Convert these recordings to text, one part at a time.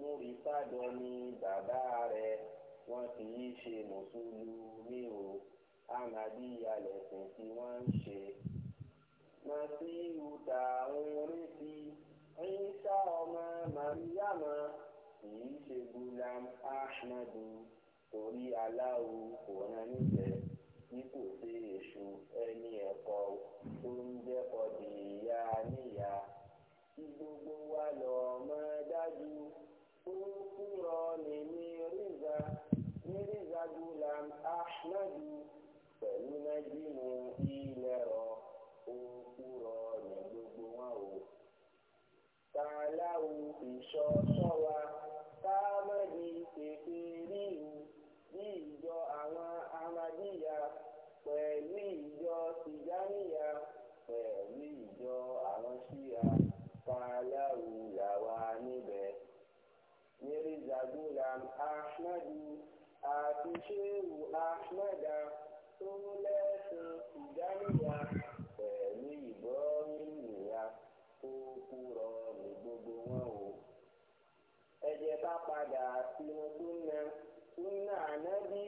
múrí sádọ ni bàbá rẹ̀ wọ́n kì í ṣe mùsùlùmí o ahmadiyya lẹ̀sìn tí wọ́n ń ṣe. masiu ta ń retí Ìsá ọmọ màríyàmá kì í ṣe gulam ahmadu torí aláwo kò rán níbẹ̀ bí kò sí èṣù ẹni ẹ̀kọ́ tó ń jẹ́kọ̀ọ́ dìyà níyà kí gbogbo wa lọ́ọ́ mọ́ dájú. غفران ميرزا ميرزا غلام أحمد فلنجم إلرا غفران gbogbo tààláwù ìṣọ́ṣọ́ wa táàmọ́dì ètè ríru ní ìjọ àwọn amadíyà pẹ̀lú ìjọ tìjáníyà pẹ̀lú ìjọ àwọn ṣíyà tààláwù làwà mirza zagulam ahmadu àti shehu ahmada tó lẹ́sìn ìdáníyà pẹ̀lú ìbọ́rin ìyá tó kúrọ ní gbogbo wọn o. ẹ jẹ́ ká padà sínú súnà súnà nábì.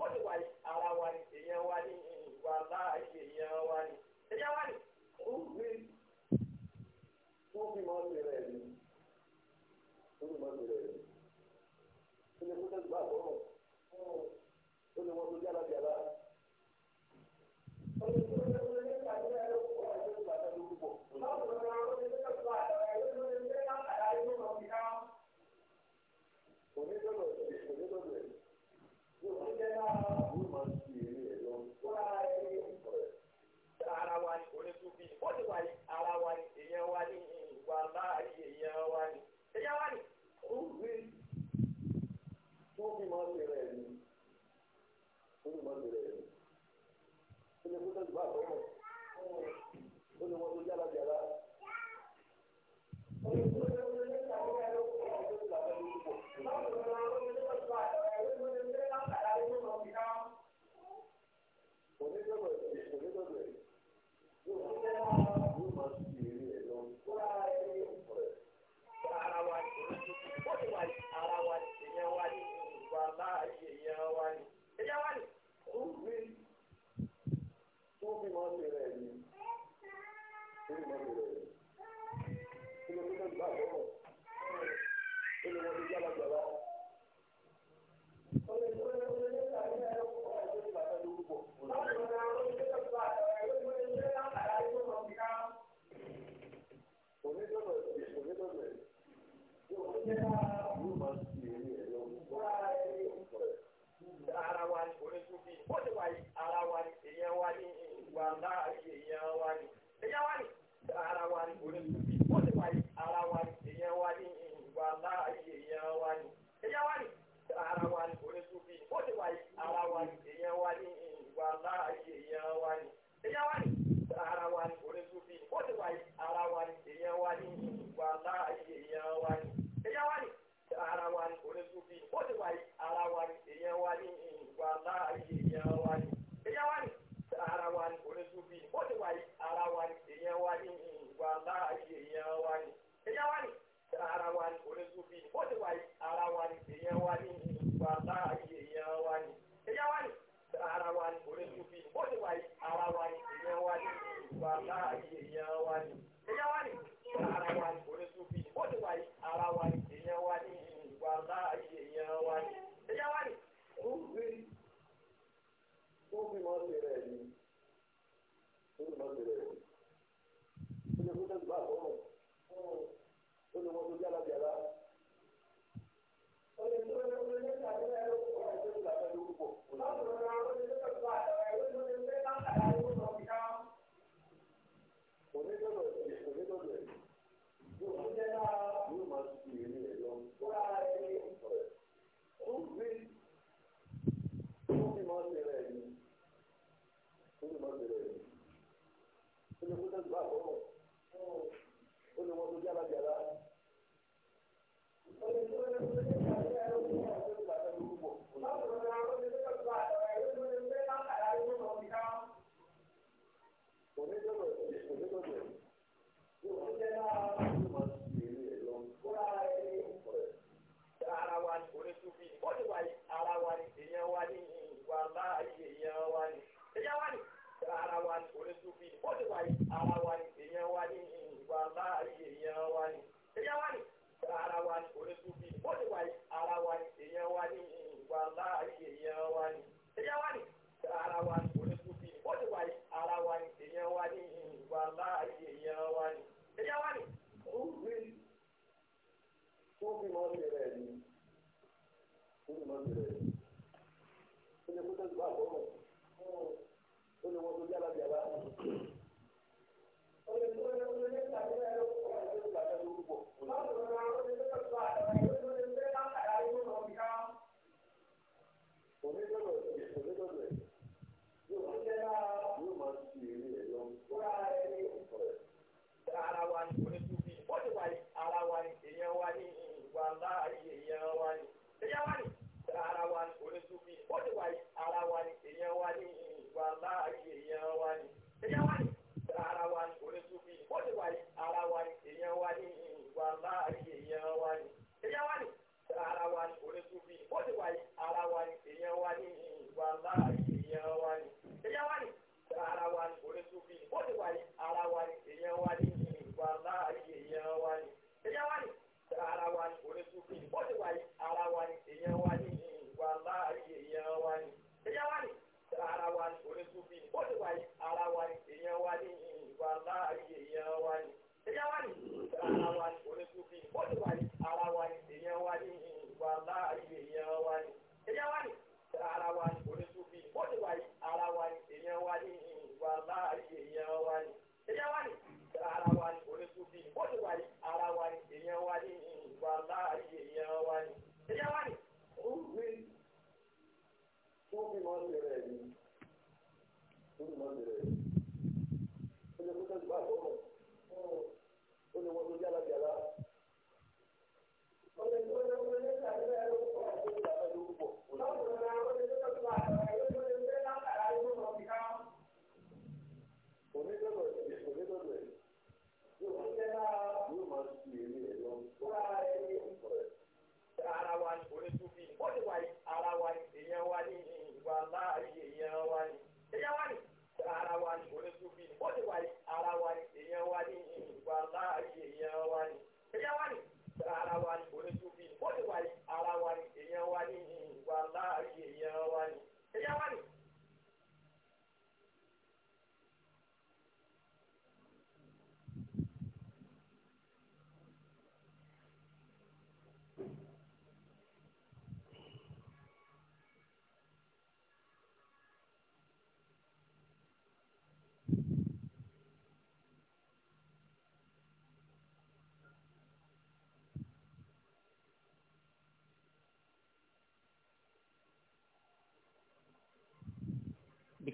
ó ní wà ní ara wa ni èèyàn wa ní ìwà láàyè èèyàn wa ni èèyàn wa ni ó gbé ó fi máa ń bèrè rẹ̀ ni ó fi máa ń bèrè rẹ̀ ni ó ní tẹ́sí bá àbọ̀rọ̀ ó ní wọ́n tó jára jára. bí ó ti wà ní ara wa ni èèyàn wa ní ìwà láàyè èèyàn wa ni èèyàn wa ni ó rí tó bí máa ń lè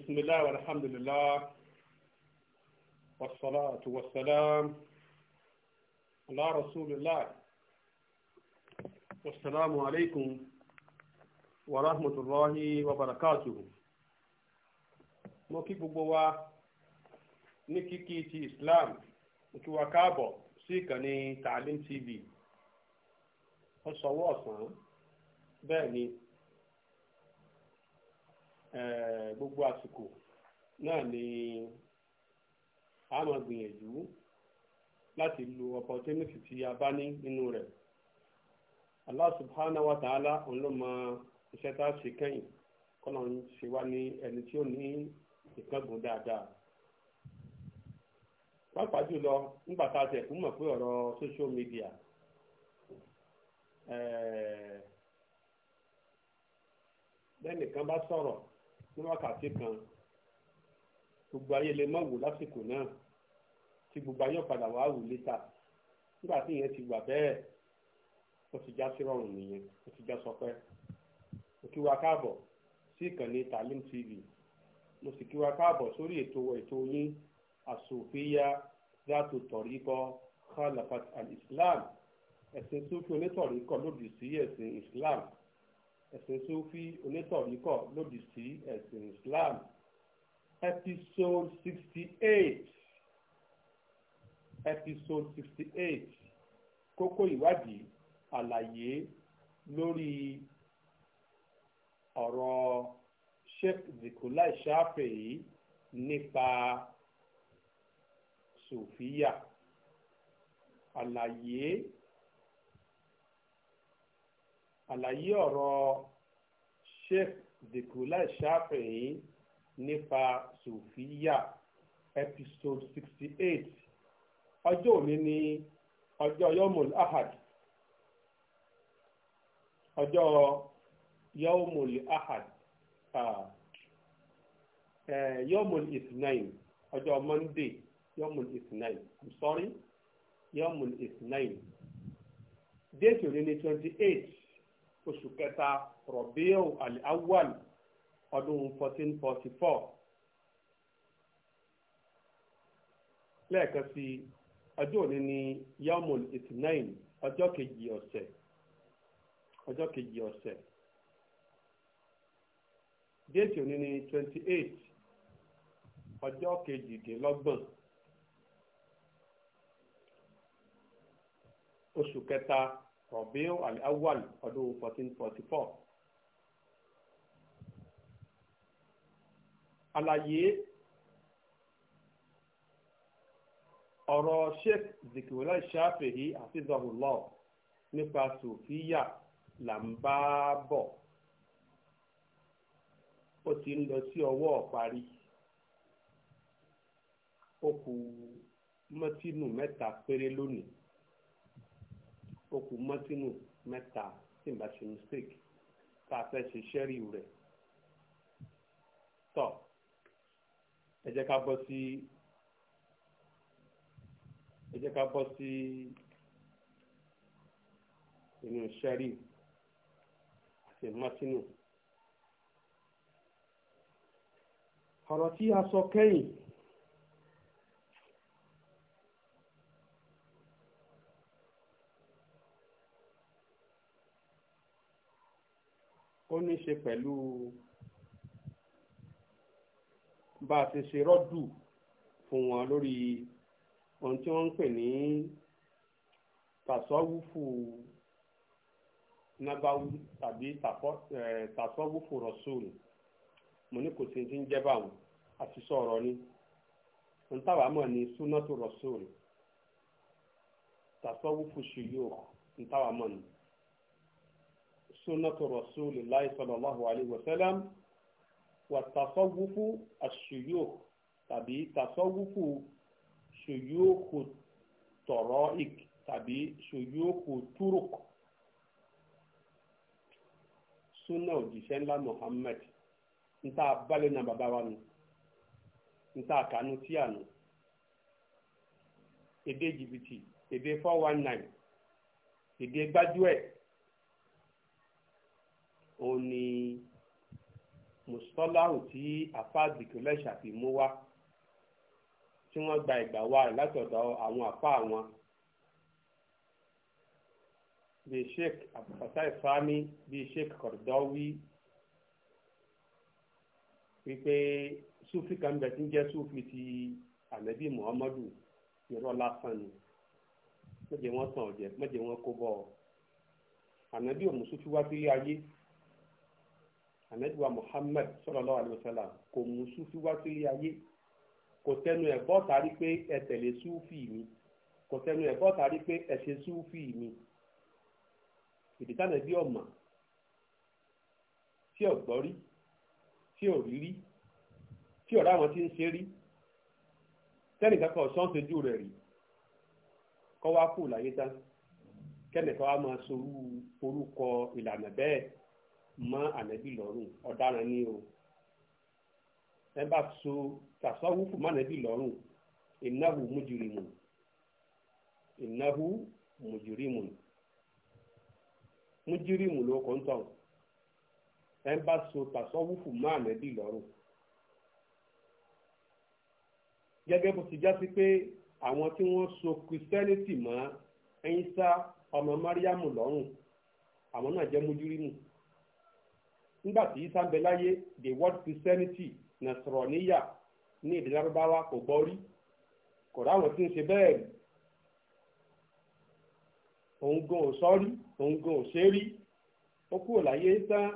بسم الله والحمد لله والصلاة والسلام على رسول الله والسلام عليكم ورحمة الله وبركاته mo kí gbogbo wa ní kíkí ti Islam mo kí wa káàbọ̀ sí Eh, gbogbo àsìkò náà ni a máa gbìyànjú láti lo opportunity tí a bá ní nínú rẹ̀ wa òun ló mọ iṣẹ́ tá a ṣe kẹ́yìn kọ́nà ń ṣe wá ní ẹni tí ó ní ìkángun dáadáa pàápàá jùlọ nígbà tá a tẹ̀ fún pé social media eh, bá ní wákàtí kan gbogbo ayé lè má wò lásìkò náà tí gbogbo ayé padà wàá wò létà nígbà tí ìyẹn ti wà bẹ́ẹ̀ ó ti já sí rọrùn nìyẹn ó ti já sọpẹ́ mo kí wa káàbọ̀ sí ìkànnì Talim TV mo sì kí wa káàbọ̀ sórí ètò ètò yín àsòfíà dátò tọ̀ríkọ khalafat al-Islam ẹ̀sìn sufi onítọ̀ríkọ lòdì sí ẹ̀sìn Islam ẹ̀sìn sufi onítọ̀ríkọ̀ lòdì sí ẹ̀sìn Islam episode sixty eight episode sixty eight kókó ìwádìí àlàyé lórí ọ̀rọ̀ Sheikh Dhikrullah Shafii nípa sòfíà àlàyé àlàyé ọ̀rọ̀ sheikh dikula shafi'i nípa sofiya episode sixty eight ọjọ́ òní ni ọjọ́ yomul ahad ọjọ́ yomul ahad yomul ithnain ọjọ́ monday yomul ithnain i'm sorry yomul ithnain déètì òní ni twenty eight oṣù kẹta rọ̀bíò al-awwal ọdún 1444 lẹ́ẹ̀kan sí ọjọ́ òní ni yamul itinain ọjọ́ kejì ọ̀sẹ̀ ọjọ́ kejì ọ̀sẹ̀ déètì òní ni 28 ọjọ́ kejìdínlọ́gbọ̀n oṣù kẹta Rọ̀bíù al-Awwal ọdún 1444. Àlàyé ọ̀rọ̀ Sheikh Zikiwila Shafi'i Hafizahullah nípa Sùfíyà là ń bá bọ̀. Ó ti ń lọ sí ọwọ́ ọ̀parí. Ó kù mọ́tínù mẹ́ta péré lónìí ó kù mọ́tínù mẹ́ta tí n bá ṣe mistake tá a fẹ́ ṣe ṣẹ́rì rẹ̀ tọ́ ẹ jẹ́ ká bọ́ sí ẹ jẹ́ ká bọ́ sí inú ṣẹ́rì àti mọ́tínù ọ̀rọ̀ tí a sọ kẹ́yìn. ó ní ṣe pẹ̀lú bá a ṣe ṣe rọ́dù fún wọn lórí ohun tí wọ́n ń pè ní tàṣọ́wúfù nábàwú tàbí tàṣọ́wúfù rọ̀ṣùlù mo ní kò sí ti ń jẹ́ báwọn àti sọ̀rọ̀ ni ohun táwa mọ̀ ní súnátù rọ̀ṣùlù tàṣọ́wúfù ṣùyọ́ ohun táwa mọ̀ ni. سنة رسول الله صلى الله عليه وسلم والتصوف الشيوخ tàbí tasọ́wúfù ṣòyóòkù tọ̀rọ̀ìk tàbí ṣòyóòkù turuk súnà òjíṣẹ́ ńlá Muhammad níta balẹ̀ náà bàbá wa nù níta kánú tí àná èdè jìbìtì èdè four one nine èdè gbájúẹ̀ ó ní mùsùlùmáwò tí àfáàdìkì lẹ́ṣà fi mú wá tí wọ́n gba ìgbà wá rẹ̀ látọ̀dọ̀ àwọn àpá wọn bíi sheikh abdulfatai sami bíi sheikh kordowi wípé sufi kan bẹ tí ń jẹ́ sufi ti anabi muhammadu irọ́ lásán ni mẹ́jẹ̀ wọ́n tàn ọ̀jẹ̀ mẹ́jẹ̀ wọ́n kó bọ̀ ọ́ anabi òmùsùn fi wá sílé ayé anadiwa Muhammad sallallahu alaihi wasallam kò mú sufi wá sílé ayé kò tẹnu ẹ̀ bọ́ tari pé ẹ tẹ̀lé sufi mi kò tẹnu ẹ̀ bọ́ tari pé ẹ ṣe sufi mi ìdítànà bí ọmọ tí ò gbọ́ rí tí ò rí tí ọ̀rá àwọn tí ń ṣe rí tẹ́nìkan kan ọ̀sán ṣojú rẹ̀ rí kọ́ wá kù láyé tán kẹ́nìkan wá máa sorú orúkọ ìlànà bẹ́ẹ̀ mọ́ ànábì lọ́rùn ọ̀daràn ni o ẹ bá so tàṣàwùfù mọ́ ànábì lọ́rùn ìnáwó mujurimu ìnáwó mujurimu mujurimu ló kọ́ ń tàn ẹ bá so tàṣàwùfù mọ́ ànábì lọ́rùn gẹ́gẹ́ bó ti já sí pé àwọn tí wọ́n so Christianity mọ́ ẹ̀yìn sá ọmọ Mariamu lọ́rùn àwọn náà jẹ́ mujurimu nígbà tí isa ń bẹ láyé the word christianity nasroniya ní èdè lárúbáwá kò gbọ́ rí kò ráwọn tí ń ṣe bẹ́ẹ̀ rí òun gan ò sọ rí òun gan ò ṣe rí ó kúrò láyé tán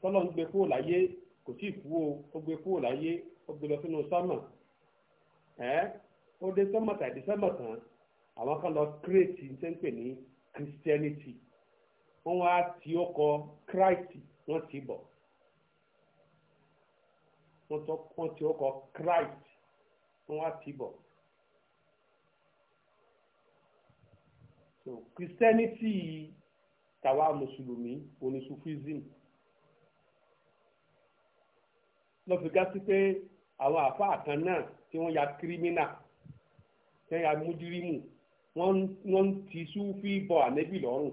tọ́lọ́ ń gbé kúrò láyé kò tí ì o ó gbé kúrò láyé ó gbé lọ sínú sámà ẹ́ ó dé sámà tàbí sámà tán àwọn kan lọ kírètì ń tẹ́ ń pè ní christianity wọ́n wá ti ọkọ̀ Christ wọ́n ti bọ̀ wọ́n ti ọkọ̀ Christ wọ́n wá ti bọ̀. so Christianity tàwa mùsùlùmí onísùfísìm lọ fi gá sí pé àwọn àfáà kan náà tí wọ́n ya kírímínà tí wọ́n ya múdírímù wọ́n ti súfì bọ̀ ànẹ́bì lọ́rùn.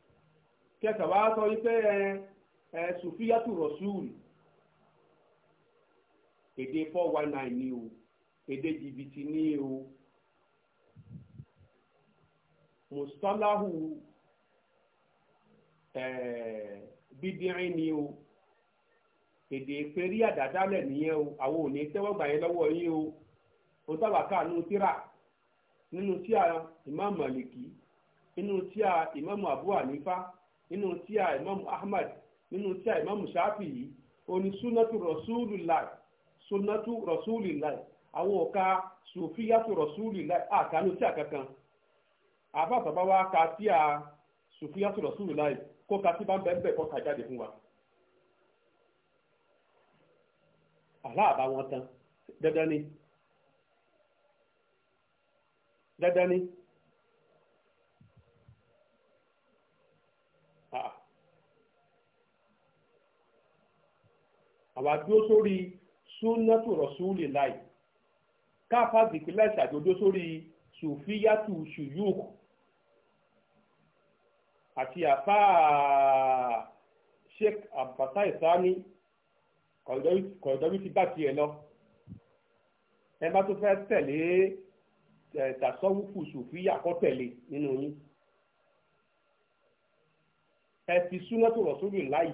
kẹkẹ wá sọ wípé ẹ ẹ sùfíyàtù rọ̀ṣùl èdè four one nine ni o èdè jìbìtì ni o mùsùlùmáhù ẹ bíbírin ni o èdè feri adada nìyẹn o àwọn ò ní lọwọ yín o ó sábà káànú tíra nínú tíà ìmáàmù àlèkí nínú tíà ìmáàmù àbú nínú tíà imam ahmad nínú tíà imam shafi yìí oní sunatu rasulillah sunatu rasulillah àwọn ọ̀ka sufiyatu rasulillah àkànú tíà kankan àbábàbá wa ka tíà sufiyatu rasulillah kó ka tí bá ń bẹ́ẹ̀ bẹ́ẹ̀ kọ́ ka jáde fún wa. aláàbá wọn tán dandan ni dandan ni. àwa dúró sórí súnátù rọ̀súlì láì káfá zìpínlẹ̀ ìṣàjò dúró sórí sùfíyàtù ṣùyùk àti àfá sheikh abasa isani kọ̀ọ̀dọ́bí ti bá tiẹ̀ lọ ẹ bá tó fẹ́ tẹ̀lé tàṣọ́wùfù sùfíyà kọ́ tẹ̀lé nínú yín ẹ fi súnátù rọ̀súlì láì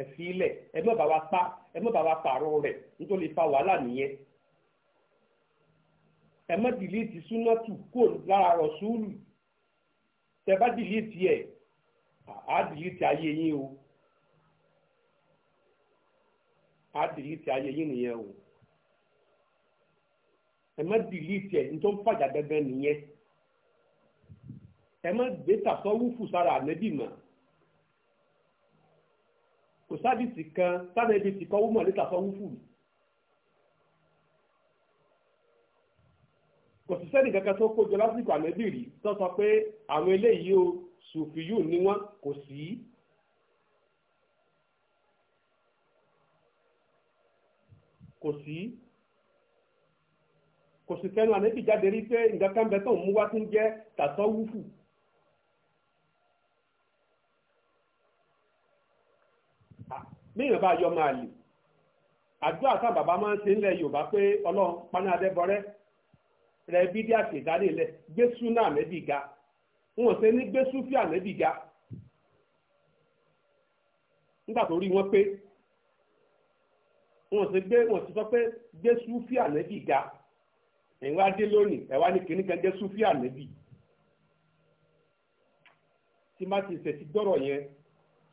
ẹ fi ilẹ̀ ẹ bá wa pa ẹ má bàa pààrọ̀ rẹ̀ nítorí fa wàhálà nìyẹn ẹ má dìlítì súnátù kó lára rọ̀ súùlù tẹ bá dìlítì ẹ̀ á dìlítì ayé yín o á dìlítì ayé yín nìyẹn o ẹ má dìlítì ẹ̀ nítorí fàjà gẹ́gẹ́ nìyẹn ẹ má gbé tàṣọ́wúfù sára ànẹ́bì mọ́ sábìsì kan sábẹ́bí ti kọ́ wúmọ̀ níta fọ́ wúfù kò sì sẹ́ni kankan tó kójọ lásìkò ànábì rí tó sọ pé àwọn eléyìí o sùfìyù ni wọ́n kò sí. kò sí kò sì fẹ́nu ànábì jáde rí pé nǹkan kan bẹ tó ń mú wá tó ń jẹ́ tàtọ́ wúfù. bíyàn bá yọ máa lè àdúrà tá bàbá máa ń ṣe ńlẹ̀ Yorùbá pé Ọlọ́run panadẹbọrẹ rẹ bí díà ṣèdálé lẹ gbésù náà ga wọn ò ṣe ní gbésù ga nígbà tó rí wọn pé wọn ò gbé wọn ò sọ pé gbésù ga ẹ̀yin wá dé lónìí ẹ̀ wá ní kíní kan gbésù yẹn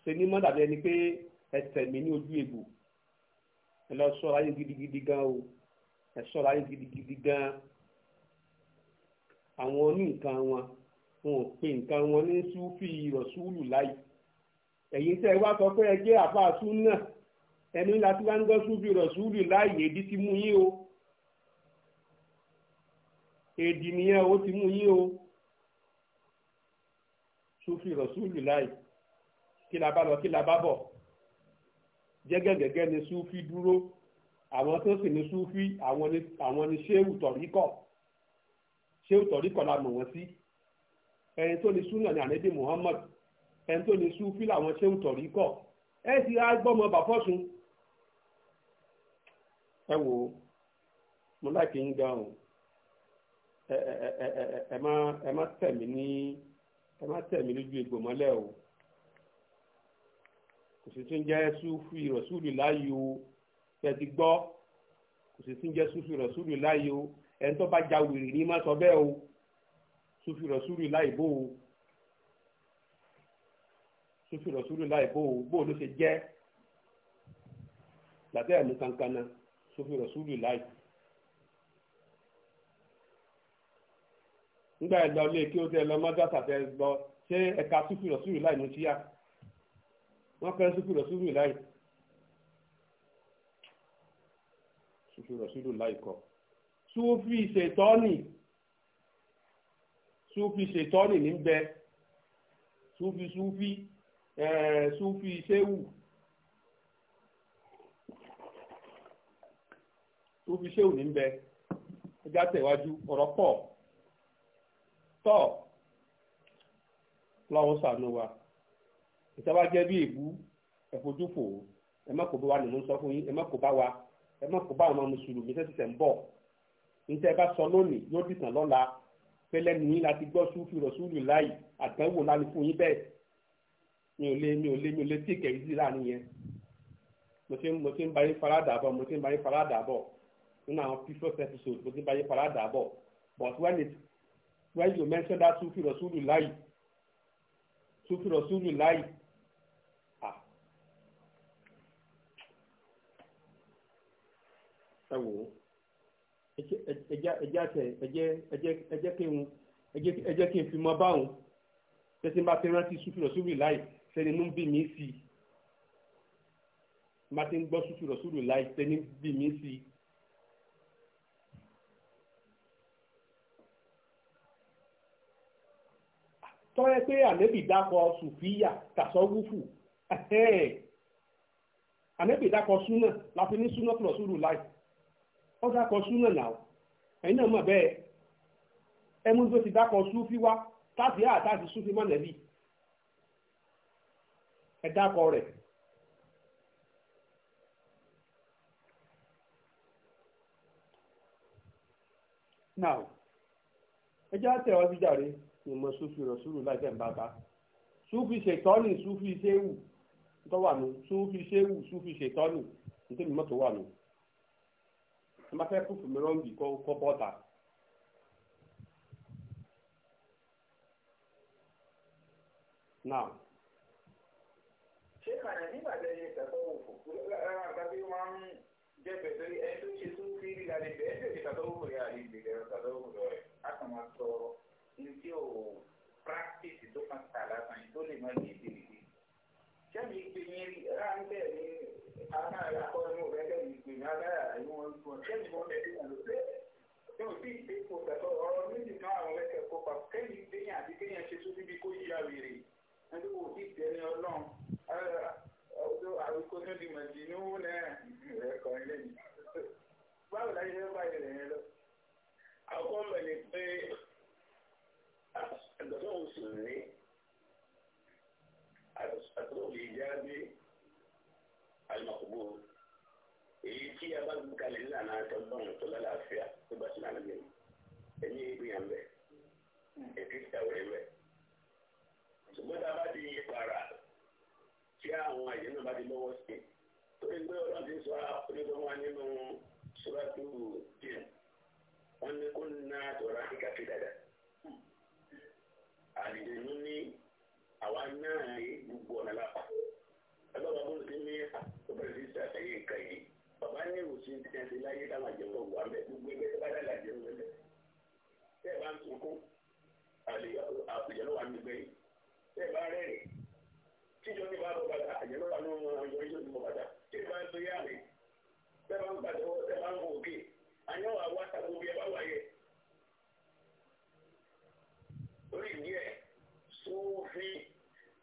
ṣe ní mọ́dàbí ẹni ẹsẹ̀ mi ní ojú egbò ẹ lọ sọ́ra yín gidigidi gan o ẹ sọ́ra yín gidigidi gan àwọn ní nǹkan wọn wọn ò pe nǹkan wọn ní súfì rọ̀súlù láì ẹ̀yin tẹ́ ẹ wá sọ pé ẹ jẹ́ àfa súnà ẹni láti wá ń gbọ́ súfì rọ̀súlù láì èdè ti mú yín o èdè nìyẹn ó ti mú yín o súfì rọ̀súlù láì kí la bá lọ kí la bá bọ̀ jẹ́gẹ́gẹ́gẹ́ ni súfì dúró àwọn tó sì ní súfì àwọn ni ṣéwù tọ̀ríkọ̀ ṣéwù tọ̀ríkọ̀ la mọ̀ wọ́n sí ẹni tó ní súnà ní ànábì Muhammad ẹni tó ní súfì làwọn ṣéwù tọ̀ríkọ̀ ẹ sì á gbọ́mọ bàfọ́sùn ẹ wò ó mo láìpẹ́ yín gan o ẹ má tẹ̀ mí ní ẹ má tẹ̀ mí lójú egbò mọ́lẹ̀ o kò sì tún jẹ́ sufi rọ̀súlù láàyò tẹ̀sí gbọ́ kò sì tún jẹ́ sufi rọ̀súlù láàyò ẹni tó bá ja wèrè ní má sọ bẹ́ẹ̀ o sufi rọ̀súlù láìbò o sufi rọ̀súlù láìbò o bó ló ṣe jẹ́ làtẹ́ ẹ̀mú kankan náà sufi rọ̀súlù láì. nígbà ẹ̀ lọ lé kí ó tẹ lọ mọ́dásà tẹ lọ ṣé ẹ̀ka sufi rọ̀súlù láì mú síyà wọ́n fẹ́ sùkúrù rọ̀súlù láì sùkúrù rọ̀súlù láì kọ́ sùfì ṣètọ́nì sùfì ṣètọ́nì ní bẹ́ẹ̀ sùfì sùfì sùfì ṣéwù sùfì ṣéwù ní bẹ́ẹ̀ ẹja tẹ̀wájú ọ̀rọ̀ pọ̀ tọ́ lọ́wọ́ sànú wa ìtawá jẹ́ bí èbú ẹ fò ó ẹ má kó bá wa nínú sọ fún yín ẹ má kó bá wa ẹ má kó bá àwọn mùsùlùmí tẹ́sí tẹ̀ ń bọ̀ níta ẹ bá sọ lónìí yóò dìtàn lọ́la pẹlẹ nìyí láti gbọ́ sùfì rọ̀sùlù láì àdánwò láni fún yín bẹ́ẹ̀ mi ò lè mi ò lè mi ò lè tí kẹ̀yìn sí láàrin yẹn mo ti mo ti ń bá yín faradà bọ̀ mo ti ń bá yín faradà bọ̀ nínú àwọn previous episodes mo ti ń bá yín faradà bọ̀ but when it when you mention that sùfì rọ̀sùlù láì sùfì rọ̀sùlù láì ẹ wò ó ẹjẹ àtẹ ẹjẹ ẹjẹ kí n ẹjẹ kí n fi mọ báwọn tẹsí bá ti rántí sùfìlọ sùfìlọ láì sẹni nú bí mi sí i bá ti ń gbọ́ sùfìlọ sùfìlọ láì sẹni bí mi sí i. tọ́yẹ pé ànẹ́bì dákọ̀ sùfíyà tàṣọ́gùfù ànẹ́bì dákọ̀ súnà láti ní súnà pọ̀lọ́sùrù láì. ó dákọ̀ súnà náà ẹ̀yin náà mọ̀ bẹ́ẹ̀ ẹmu tó ti dákọ̀ fi wá táàbí àtàtì súnfí mọ́ nẹ́bí ẹ dákọ̀ rẹ̀. now ẹ jẹ́ àtẹ̀ ọ́ sí jàre ìmọ̀ súnfí rọ̀ sùúrù láìpẹ́ ń bá bá súnfí ṣètọ́nì súnfí ṣéwù tó wà nù súnfí ṣéwù súnfí ṣètọ́nì nítorí mọ́tò wà nù. tí wọ́n fẹ́ púpù mìíràn bì kọ́ bọ́ta. Now. ṣé kàná nígbà tẹ́ ṣe ìtàkọ́wò fò lára àgbà tí wọ́n ń jẹ́ pẹ̀lú ẹni tó ṣe tún sí rí lálẹ́ bẹ́ẹ̀ ẹni tó ṣe ìtàkọ́wò fò yà lè bèrè ìtàkọ́wò lọ rẹ̀ á kàn máa sọ ní tí ò practice tó kàn tà lásán tó lè má lè dé. ṣé mi gbé yín rí ráńbẹ́ mi. Gracias alimakubo èyí tí a bá gbé kalẹ̀ nílànà àtọ́gbọ́n tó lálàáfíà tó bá sinmi àlejò ẹ̀yìn ìgbìyàn bẹ̀ èké ìtàwé bẹ̀. ṣùgbọ́n tá a bá di ìpara tí àwọn àyè náà bá di lọ́wọ́ sí tó ń gbé ọlọ́run ti sọ onígbọ́n wa nínú sọ́dọ̀tù jìn wọ́n ní kó ná tọ́ra kíkà fi dada. àlejò ní àwa náà rí gbogbo ọ̀nà lápá ọlọ́run bó ti ní àkóbẹ̀rẹ̀ sí ṣàtẹ̀yẹ nǹkan yìí bàbá ní ìwòsàn ti ẹ̀ ti láyé táwọn àjẹmọ́ wà mẹ́ gbogbo ẹgbẹ́ tó bá dá làjẹ́ ń bẹ̀rẹ̀ tẹ́ ẹ bá ń sunkún àjẹmọ́ wà nígbẹ́ yìí tẹ́ ẹ bá rẹ́rìn tíjọ́ ní bàbá bàtà àjẹmọ́ wà ní wọn yọ ìjọ ìjọba bàtà tẹ́ ẹ bá ń gbéyà rẹ̀ tẹ́ ẹ bá ń gbàdúrà tẹ́ ẹ bá ń wọ òkè àyẹ̀wò àwọn àtàkùn bí ẹ bá wáyé orí ìdí ẹ̀ sófin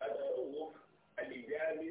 àtàkùn àlìjáde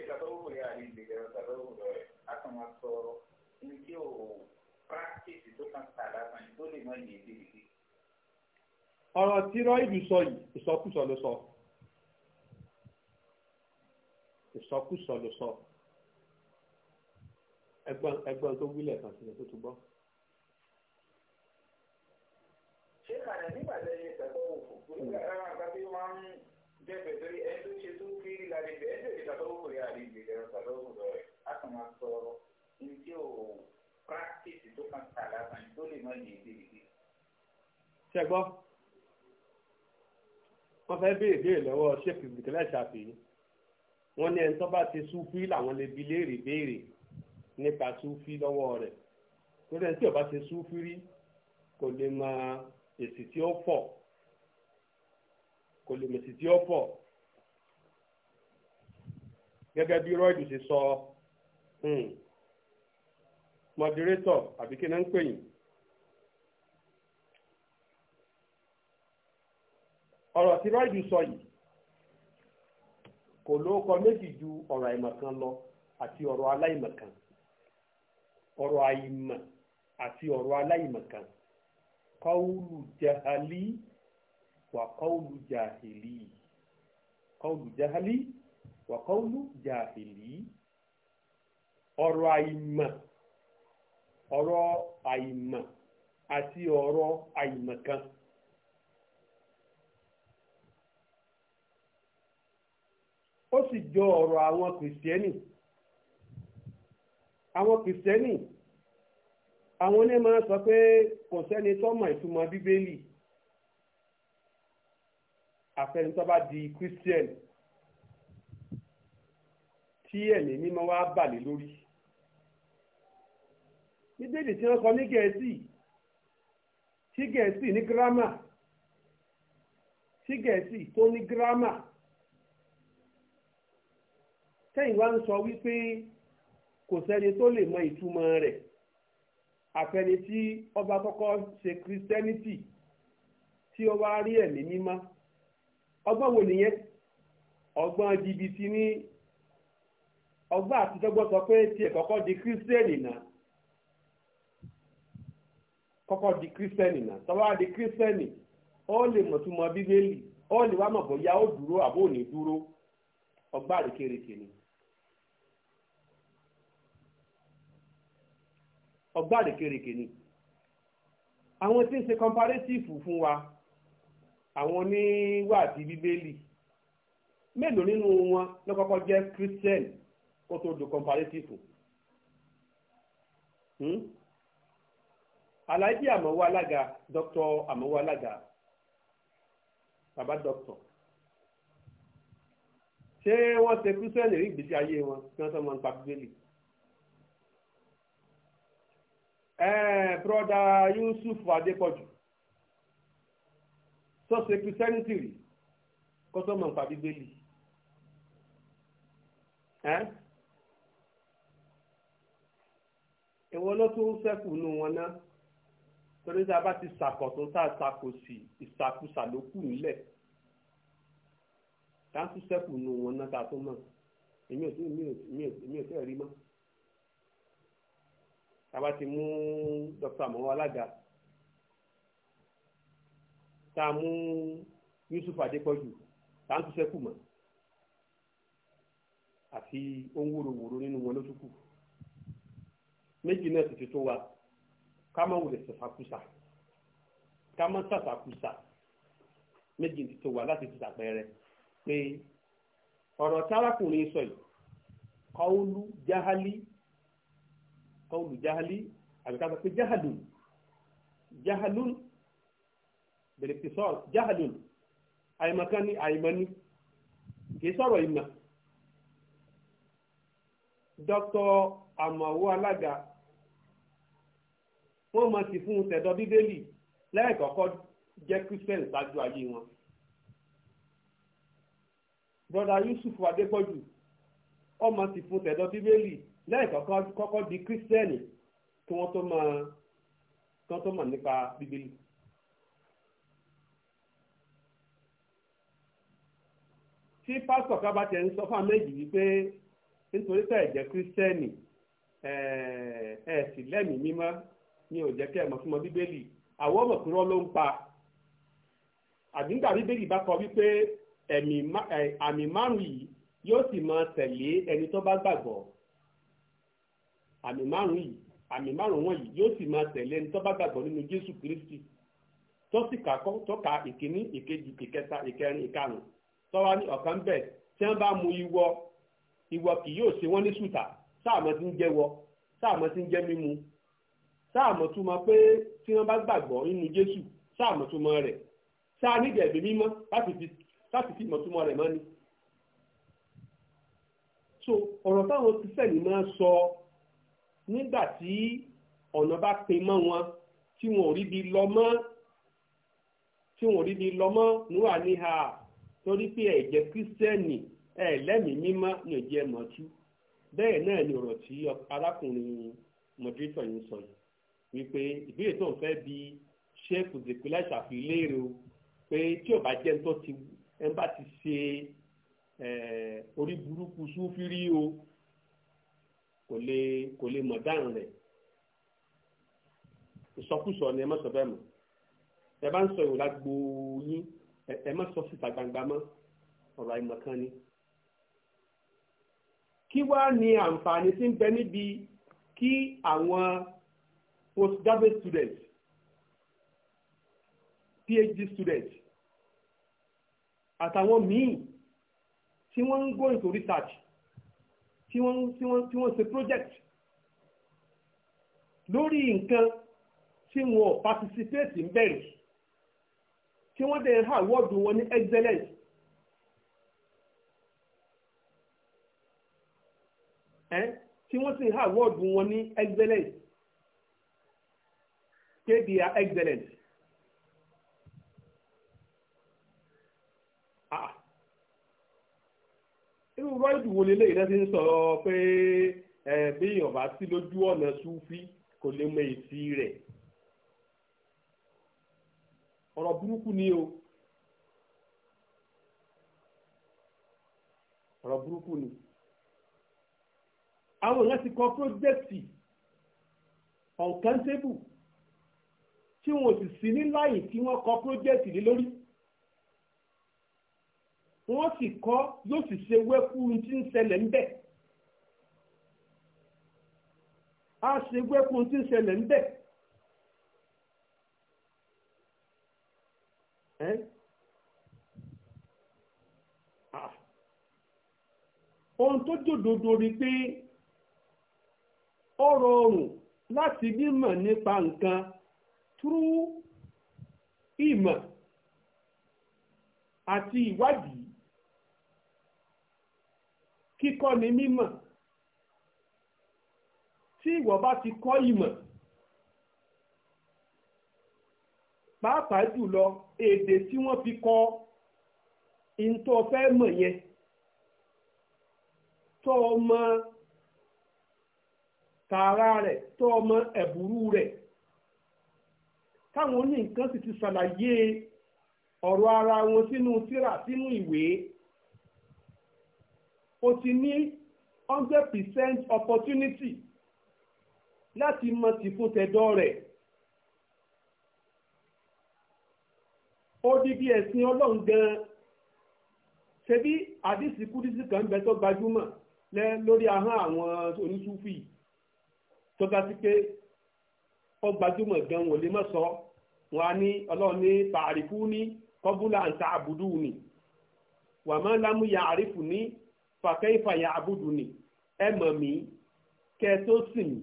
tasawufu yà á di ìgbèjọba tasawufu lọ rẹ̀ a kàn máa sọ ní kí o practice tó kàn tà lásán tó lè má yé débi bí. ọ̀rọ̀ tí rọ́ìdù sọ yìí ìsọkúsọ ló sọ ìsọkúsọ ló sọ ẹgbọ́n ẹgbọ́n tó wílẹ̀ kan sílẹ̀ tó tún bọ́. ṣé kàlẹ́ nígbà tẹ́lẹ̀ ìṣẹ̀kọ́ òfò nígbà tí wọ́n máa ń jẹ́ bẹ̀rẹ̀ débẹ̀ ẹ bèrè tàbọ̀wò rẹ̀ àrí ìbèrè ẹ̀rọ tàbọ̀wò rẹ̀ a kàn máa sọ ní tí o practice tó kàn tà lásán tó lè má yé ìbèrè bí. ṣe gbọ́ wọ́n fẹ́ béèrè béèrè lọ́wọ́ ṣéèkì bìtẹ́lẹ̀ ṣàfihàn wọ́n ní ẹni tó bá ti súfí làwọn lè bi léèrè béèrè nípa súfí lọ́wọ́ rẹ̀ torí ẹni tí ò bá ti súfí rí kò lè mọ èsì tí ó pọ̀ kò lè mọ èsì tí ó pọ̀ gẹ́gẹ́ bí rọ́ìdù ṣe sọ mọdírétọ̀ hmm, àbí kí náà ń pè yín. ọ̀rọ̀ tí rọ́ìdù sọ yìí kò lóko méjì ju ọ̀rọ̀ àìmọ̀kan lọ àti ọ̀rọ̀ aláìmọ̀kan ọ̀rọ̀ àìmọ̀ àti ọ̀rọ̀ aláìmọ̀kan kọ́wùlù jahali wà kọ́wùlù jahili kọ́wùlù jahali wàkọ́wùlù jàfìlì ọ̀rọ̀ àìmọ̀ ọ̀rọ̀ àìmọ̀ àti ọ̀rọ̀ àìmọ̀kan. ó sì jọ ọ̀rọ̀ àwọn kìrìsìtẹ́nì àwọn kìrìsìtẹ́nì àwọn onímọ̀ sọ pé kò sẹ́ni tó mọ̀ ìtumọ̀ bíbélì àfẹnitọ́ bá di kìrìsìtẹ́nì tí ẹ̀mí mímọ́ wá bà lé lórí bíbélì tí wọ́n kọ ní gẹ̀ẹ́sì tí gẹ̀ẹ́sì ní gírámà tí gẹ̀ẹ́sì tó ní gírámà tẹ́yìn wá ń sọ wípé kò sẹ́ni tó lè mọ ìtumọ̀ rẹ̀ àfẹni tí ọba kọ́kọ́ ṣe kírísítẹ́nìtì tí ó rí ẹ̀mí mímọ́ ọgbọ́n wo nìyẹn ọgbọ́n jìbìtì ní ọgbọ́n àtijọ́gbọ́n sọ pé tiẹ̀ kọ́kọ́ di kírísítẹ́nì náà kọ́kọ́ di kírísítẹ́nì náà tọ́wọ́ di kírísítẹ́nì ó lè mọ̀túmọ̀ bíbélì ó lè wá mọ̀ bóyá ó dúró àbó ò ní dúró ọgbọ́n àrékèrèké ni. ọgbọ́n àrékèrèké ni àwọn tí ń ṣe kọmparétífù fún wa àwọn oníwàdí bíbélì mélòó nínú wọn ló kọ́kọ́ jẹ́ kírísítẹ́nì kó tó do comparative alhaji amawo alaga dr amawo alaga baba doctor ṣé wọ́n ṣe kúrúsẹ́ẹ̀lì rí ìgbésí ayé wọn kí wọ́n sọ wọn pa bíbélì. broda yusuf adépọ̀jù tó ṣe kúrúsẹ́ẹ̀lì rí kó sọ wọn pa bíbélì. èwo ló tún ṣẹ́kù nù wọn náà torí tá a bá ti ṣàkọ̀tún tá a ṣàkò sí ìṣàkóṣà ló kù nílẹ̀ tá a tún ṣẹ́kù nù wọn náà tá a tún mọ̀ èmi ò tí mi ò tẹ́ rí mọ́ tá a bá ti mú dókítà mọ́wọ́ alága tá a mú Yusuf Adépọ̀jù tá a tún ṣẹ́kù mọ́ àti ohun wòrowòro nínú wọn ló tún kù méjì náà sì tó wa ká má wulẹ̀ sàfàkùsà ká má sàfàkùsà méjì ti tó wa láti ti sàpẹrẹ pé ọ̀rọ̀ tárakùnrin sọ yìí kọ́ọ̀lù jáhálí kọ́ọ̀lù jáhálí àbí ká sọ pé jáhálùn jáhálùn bẹ̀rẹ̀ pé sọ̀rọ̀ jáhálùn àìmọ̀kan ní kì í sọ̀rọ̀ ìmọ̀ dr amawo alága wọ́n máa sì fún un tẹ̀dọ̀ bíbélì lẹ́ẹ̀kọ́kọ́ jẹ́ christian ṣáájú ayé wọn. broda yusuf adépọ̀jù wọ́n máa sì fún un tẹ̀dọ̀ bíbélì lẹ́ẹ̀kọ́kọ́ kọ́kọ́ di christian kí wọ́n tó máa kí wọ́n tó mọ̀ nípa bíbélì. tí pásítọ̀ kábà tẹ̀ ń sọ fún àmẹ́jì wípé nítorí tẹ̀ jẹ́ kírísítẹ́nì ẹ̀ẹ́sì lẹ́mìí mímọ́ ni ò jẹ́ kẹ́ ẹ̀ mọ̀ fún ọmọ bíbélì àwọn ọmọ kúrọ́ ló ń pa àdúgbà bíbélì bá kọ wípé àmì márùn yìí yóò sì máa tẹ̀lé ẹni tó bá gbàgbọ́ àmì márùn yìí àmì márùn wọ̀nyí yóò sì máa tẹ̀lé ẹni tó bá gbàgbọ́ nínú Jésù Kristi tó sì kà kọ́ tó ka ìkíní ìkejì ìkẹta ìkẹrin ìkarùn tó wá ní ọ̀kan bẹ́ẹ̀ tí wọ́n bá mu ìwọ ìwọ kì yóò ṣe wọ́n ní sùtà sáàmọ́ ti ń jẹ́ sáàmọ́ ti ń jẹ́ mímu sáàmọ̀túmọ̀ pé tí wọ́n bá gbàgbọ́ nínú Jésù sáàmọ̀túmọ̀ rẹ̀ sáà nídìí ẹ̀mí mímọ́ láti fi láti fi ìmọ̀túmọ̀ rẹ̀ mọ́ ni. so ọ̀rọ̀ táwọn kristẹni máa sọ nígbà tí ọ̀nà bá pin mọ́ wọn tí wọn ò rí bi lọ mọ́ tí wọn ò rí bi lọ mọ́ níwà níhà torí pé ẹ̀jẹ̀ kristẹni ẹ̀ lẹ́mìí mímọ́ ni ò jẹ́ mọ̀tú bẹ́ẹ̀ náà ni ọ̀rọ̀ tí arákùnrin mọ̀dúrítọ̀ yìí sọ yìí wípé ìbéèrè tó ń fẹ́ bi sheikh zikula ìṣàfihàn léèrè o pé tí ò bá jẹ́ tó ti ẹn bá ti ṣe orí burúkú súnfírí o kò lè kò lè mọ̀ dáhùn rẹ̀ ìsọkúsọ ni ẹ má sọ bẹ́ẹ̀ mọ́ ẹ bá ń sọ ìwòlá gbòòyìn ẹ má sọ síta gbangba mọ́ ọ̀rọ̀ àìmọ̀ ni kí wá ni àǹfààní tí ń bẹ níbi kí àwọn postgraduate student phd student àtàwọn míì tí wọ́n ń go into research tí wọ́n tí wọ́n tí wọ́n ṣe project lórí nǹkan tí wọn participate in bẹ̀rẹ̀ tí wọ́n dẹ̀ ha wọ́ọ̀dù wọn ní excellence Eh? tí wọ́n sì ha wọ́ọ̀dù wọn ní excellence say they are excellent. Ah. irú rọ́ìdù wo leléyìí náà ti ń sọ̀rọ̀ pé béèyàn bá sí lójú ọ̀nà súfí kò lè mọ èsì rẹ̀ ọ̀rọ̀ burúkú ni o ọ̀rọ̀ burúkú ni àwọn èèyàn ti kọ́ pírójẹ́kìtì uncountable tí wọn ò sì sí ní láyè tí wọ́n kọ project lé lórí wọ́n sì kọ́ yóò sì ṣe wẹ́kú tí ń ṣẹlẹ̀ ńbẹ̀ á ṣe wẹ́kú tí ń ṣẹlẹ̀ ńbẹ̀ ohun tó jòdòdò rí pé ó rọrùn láti mímọ̀ nípa nǹkan through ìmọ̀ àti ìwádìí kíkọ́ ni mímọ̀ tí ìwọ bá ti kọ́ ìmọ̀ pàápàá jùlọ èdè tí wọ́n fi kọ́ ìntọ́ fẹ́ mọ̀ yẹn tó o tààrà rẹ̀ tó o ẹ̀bùrú rẹ̀ táwọn oní nǹkan sì ti ṣàlàyé ọ̀rọ̀ ara wọn sínú tírà sínú ìwé o ti ní hundred percent opportunity láti mọ tìfún tẹ̀dọ́ rẹ̀. odidi ẹ̀sìn ọlọ́run gan-an ṣebí àdìsí kúdísì kan bẹ tó gbajúmọ̀ lórí ahọ́n àwọn oníṣúfì tó ga sí pé ó gbajúmọ̀ gan wọ́n lè má sọ wọn á ọlọ́run ní tààrífù ní kọ́búlà ń ta àbùdù ni wàmọ́ lámú ya àrífù ní fàkẹ́ ìfàyà àbùdù ni ẹ mọ̀ mí kẹ́ ẹ tó sìn mí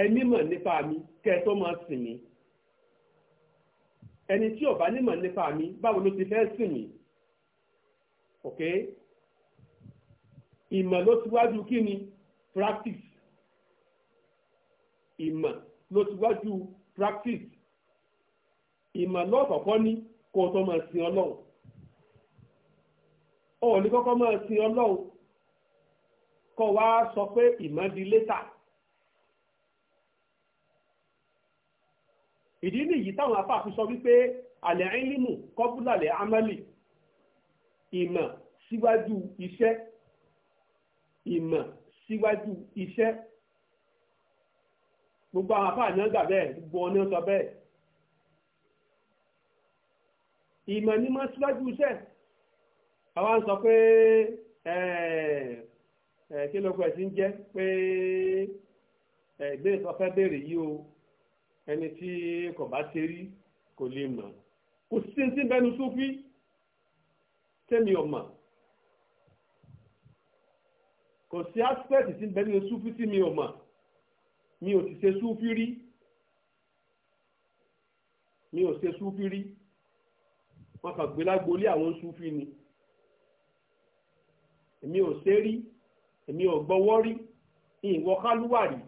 ẹ nímọ̀ nípa mi kẹ́ ẹ tó máa sìn mí ẹni tí ò nímọ̀ nípa mi báwo ló ti fẹ́ sìn mí ok ìmọ̀ ló síwájú kí ni practice ìmọ̀ ló ti wájú practice ìmọ̀ lọ́kọ̀ọ́kọ́ ní kó o tó máa sin ọlọ́run o ò ní kọ́kọ́ máa sin ọlọ́run kó o wá sọ pé ìmọ̀ di létà ìdí nìyí táwọn afáàfin sọ wípé àlẹ́ ẹ́ńlímù kọ́búlàlẹ̀ amálì ìmọ̀ síwájú iṣẹ́ ìmọ̀ síwájú iṣẹ́ gbogbo àwọn àfáà náà gbà bẹ́ẹ̀ gbogbo ọ̀nà sọ bẹ́ẹ̀ ìmọ̀ ní mọ́ síwájú iṣẹ́ àwa ń sọ pé kí ló pẹ̀ sí ń jẹ́ pé ìbéèrè tó fẹ́ béèrè yìí o ẹni tí kò bá ṣe rí kò lè mọ̀ kò sí ti bẹnu súnfí tẹ́mi ọ̀mọ̀ kò sí aspect ti bẹnu súnfí tí mi mi ò sì ṣe súfí rí mi ò ṣe súfí rí wọn kàn gbé lágbolé àwọn súfí ni èmi ò ṣe rí èmi ò gbọ́wọ́ rí ìwọ kálúwà rí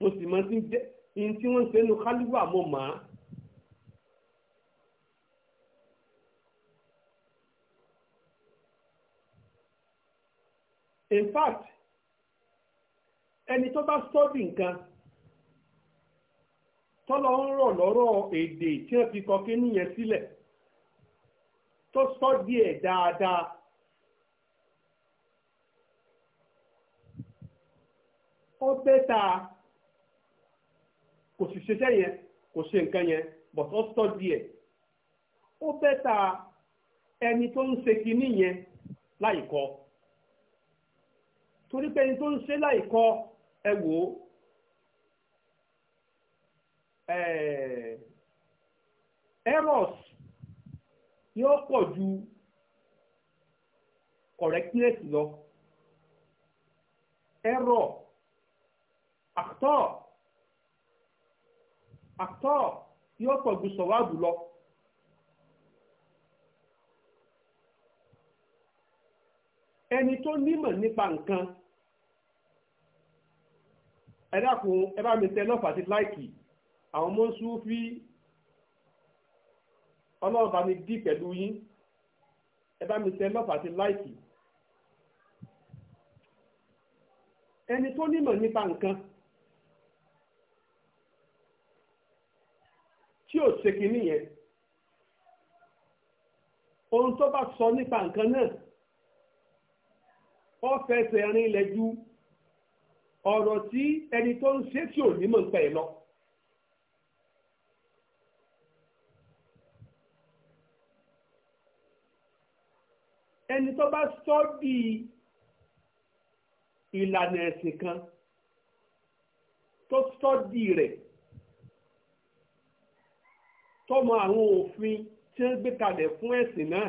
mo sì mọ ní tí wọ́n ṣe nu kálúwà mo mà in fact ẹni tó bá sọ́ọ̀dì nǹkan tọ́lọ ń rọ̀ lọ́rọ̀ èdè tí wọ́n fi kọkí nìyẹn sílẹ̀ tó sọ díẹ̀ dáadáa ó bẹ́ta kò sì ṣiṣẹ́ yẹn kò ṣe nǹkan yẹn but ó sọ díẹ̀ ó bẹ́ta ẹni tó ń ṣe kinní yẹn láìkọ torí pé ẹni tó ń ṣe ẹ wò ó Eh, errors yóò pọ̀ ju correctness lọ error actor actor yóò pọ̀ ju sọ̀wáàbù lọ. ẹni tó nímọ̀ nípa nǹkan ẹ dákun ẹ bá mi tẹ lọ́fà àti láìkì. Like àwọn ọmọ Sufi ọlọ́run bá mi dì pẹ̀lú yín ẹ bá mi tẹ lọ́fà àti láìkì ẹni tó nímọ̀ nípa nǹkan tí ò ṣe kìíní yẹn ohun tó bá sọ nípa nǹkan náà ó fẹsẹ̀ rin ilẹ̀ ju ọ̀rọ̀ tí ẹni tó ń ṣe tí ò nímọ̀ nípa ẹ̀ lọ. ẹni tó bá di ìlànà ẹ̀sìn kan tó sọ́ọ̀dì rẹ̀ tọ́mọ àwọn òfin tí ń gbé kalẹ̀ fún ẹ̀sìn náà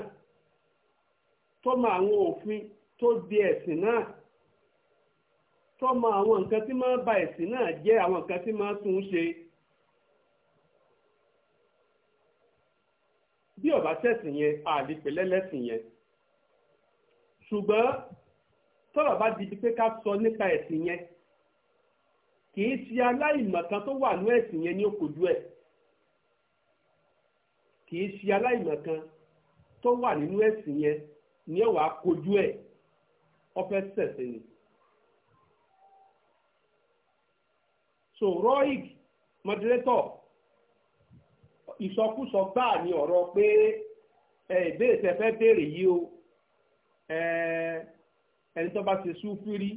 tọ́mọ àwọn òfin tó di ẹ̀sìn náà tọ́mọ àwọn nǹkan tí máa ń ba ẹ̀sìn náà jẹ́ àwọn nǹkan tí máa ń tún ṣe. bí ọba ṣẹ̀sìn yẹn yẹn ṣùgbọ́n tọ́rọ̀ bá di pé ká sọ nípa ẹ̀sìn yẹn kì í ṣe aláìmọ̀kan tó wà ní ẹ̀sìn yẹn ní òkòjú ẹ̀ kì í ṣe aláìmọ̀kan tó wà nínú ẹ̀sìn yẹn ní ọ̀wà ẹ̀ ọ̀fẹ́ sẹ̀sẹ̀ ni. so roig moderator ìsọkúsọ gbáà ni ọ̀rọ̀ pé ẹ̀ ìbéèrè tẹ fẹ́ yìí o. ẹni tó bá ṣe súfúrí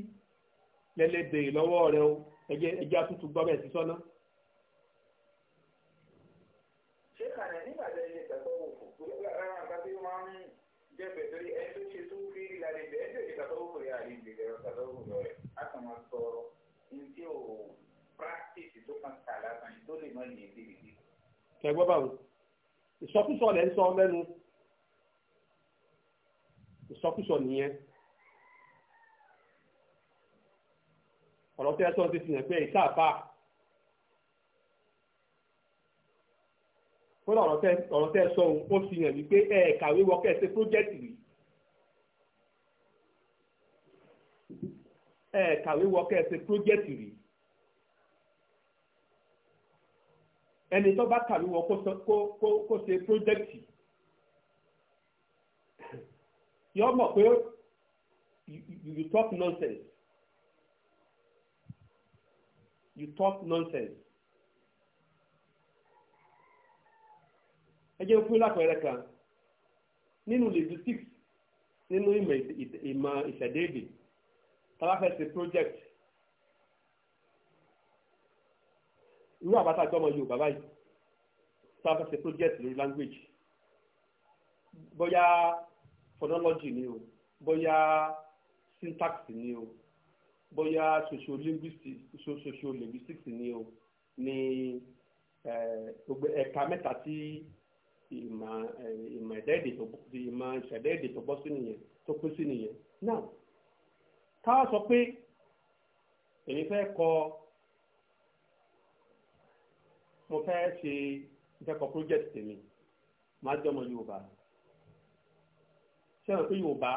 lẹ́lẹ́bẹ̀ẹ́ lọ́wọ́ rẹ o ẹjẹ́ àtúntò gbọ́ bẹ́ẹ̀ sí sọ́nà. ṣé kàrẹ́ nígbà tẹ́ ṣe ìgbàgbọ́ òfò gbogbo ara àgbà tí wọ́n ń jẹ́ pẹ̀tẹ́rì ẹni tó ṣe súfúrí lálejò ẹni tó ṣe ìgbàgbọ́ òfò rẹ̀ àlejò rẹ̀ ìgbàgbọ́ òfò rẹ̀ á kàn máa sọ ní tí ò practice tó kàn tà lásán tó lè má lè dé ìdí. kẹgbọ́n báwo ìsọkúsọ lẹ́ ń sọ mẹ́nu ìsọkúsọ nìyẹn ọ̀rọ̀ tẹ́lẹ̀ tó ń ti fi hàn pé ìta àbá kódà ọ̀rọ̀ tẹ́lẹ̀ sọ ohun ó fi hàn wípé ẹ̀ kàwé wọ kẹ́ẹ̀sẹ̀ pírójẹ́tì rí ẹ̀ kàwé wọ kẹ́ẹ̀sẹ̀ pírójẹ́tì rí ẹni tó bá kàwé wọ kó ṣe pírójẹ́tì yọ mọ̀ pé you talk nonsense you talk nonsense. ẹ jẹ́ fún lápẹẹrẹ kan nínú linguistics nínú ìmọ̀ ìṣẹ̀déèdè tàbáfẹ́sì project irú àbáta ìjọmọ Yorùbá báyìí tàbáfẹ́sì project lórí language bóyá phonology ni o bóyá syntax ni o bóyá sociolinguistics ni o ni gbogbo ẹ̀ka mẹ́ta tí ìmọ̀ ìmọ̀ ẹ̀dá èdè tó ìmọ̀ ìṣẹ̀dá èdè tó bọ́ sí nìyẹn tó pín sí nìyẹn náà ká sọ pé èyí fẹ́ kọ mo fẹ́ ṣe ìfẹ́ project tèmi máa jẹ́ Yorùbá sẹ́wọ̀n pé yorùbá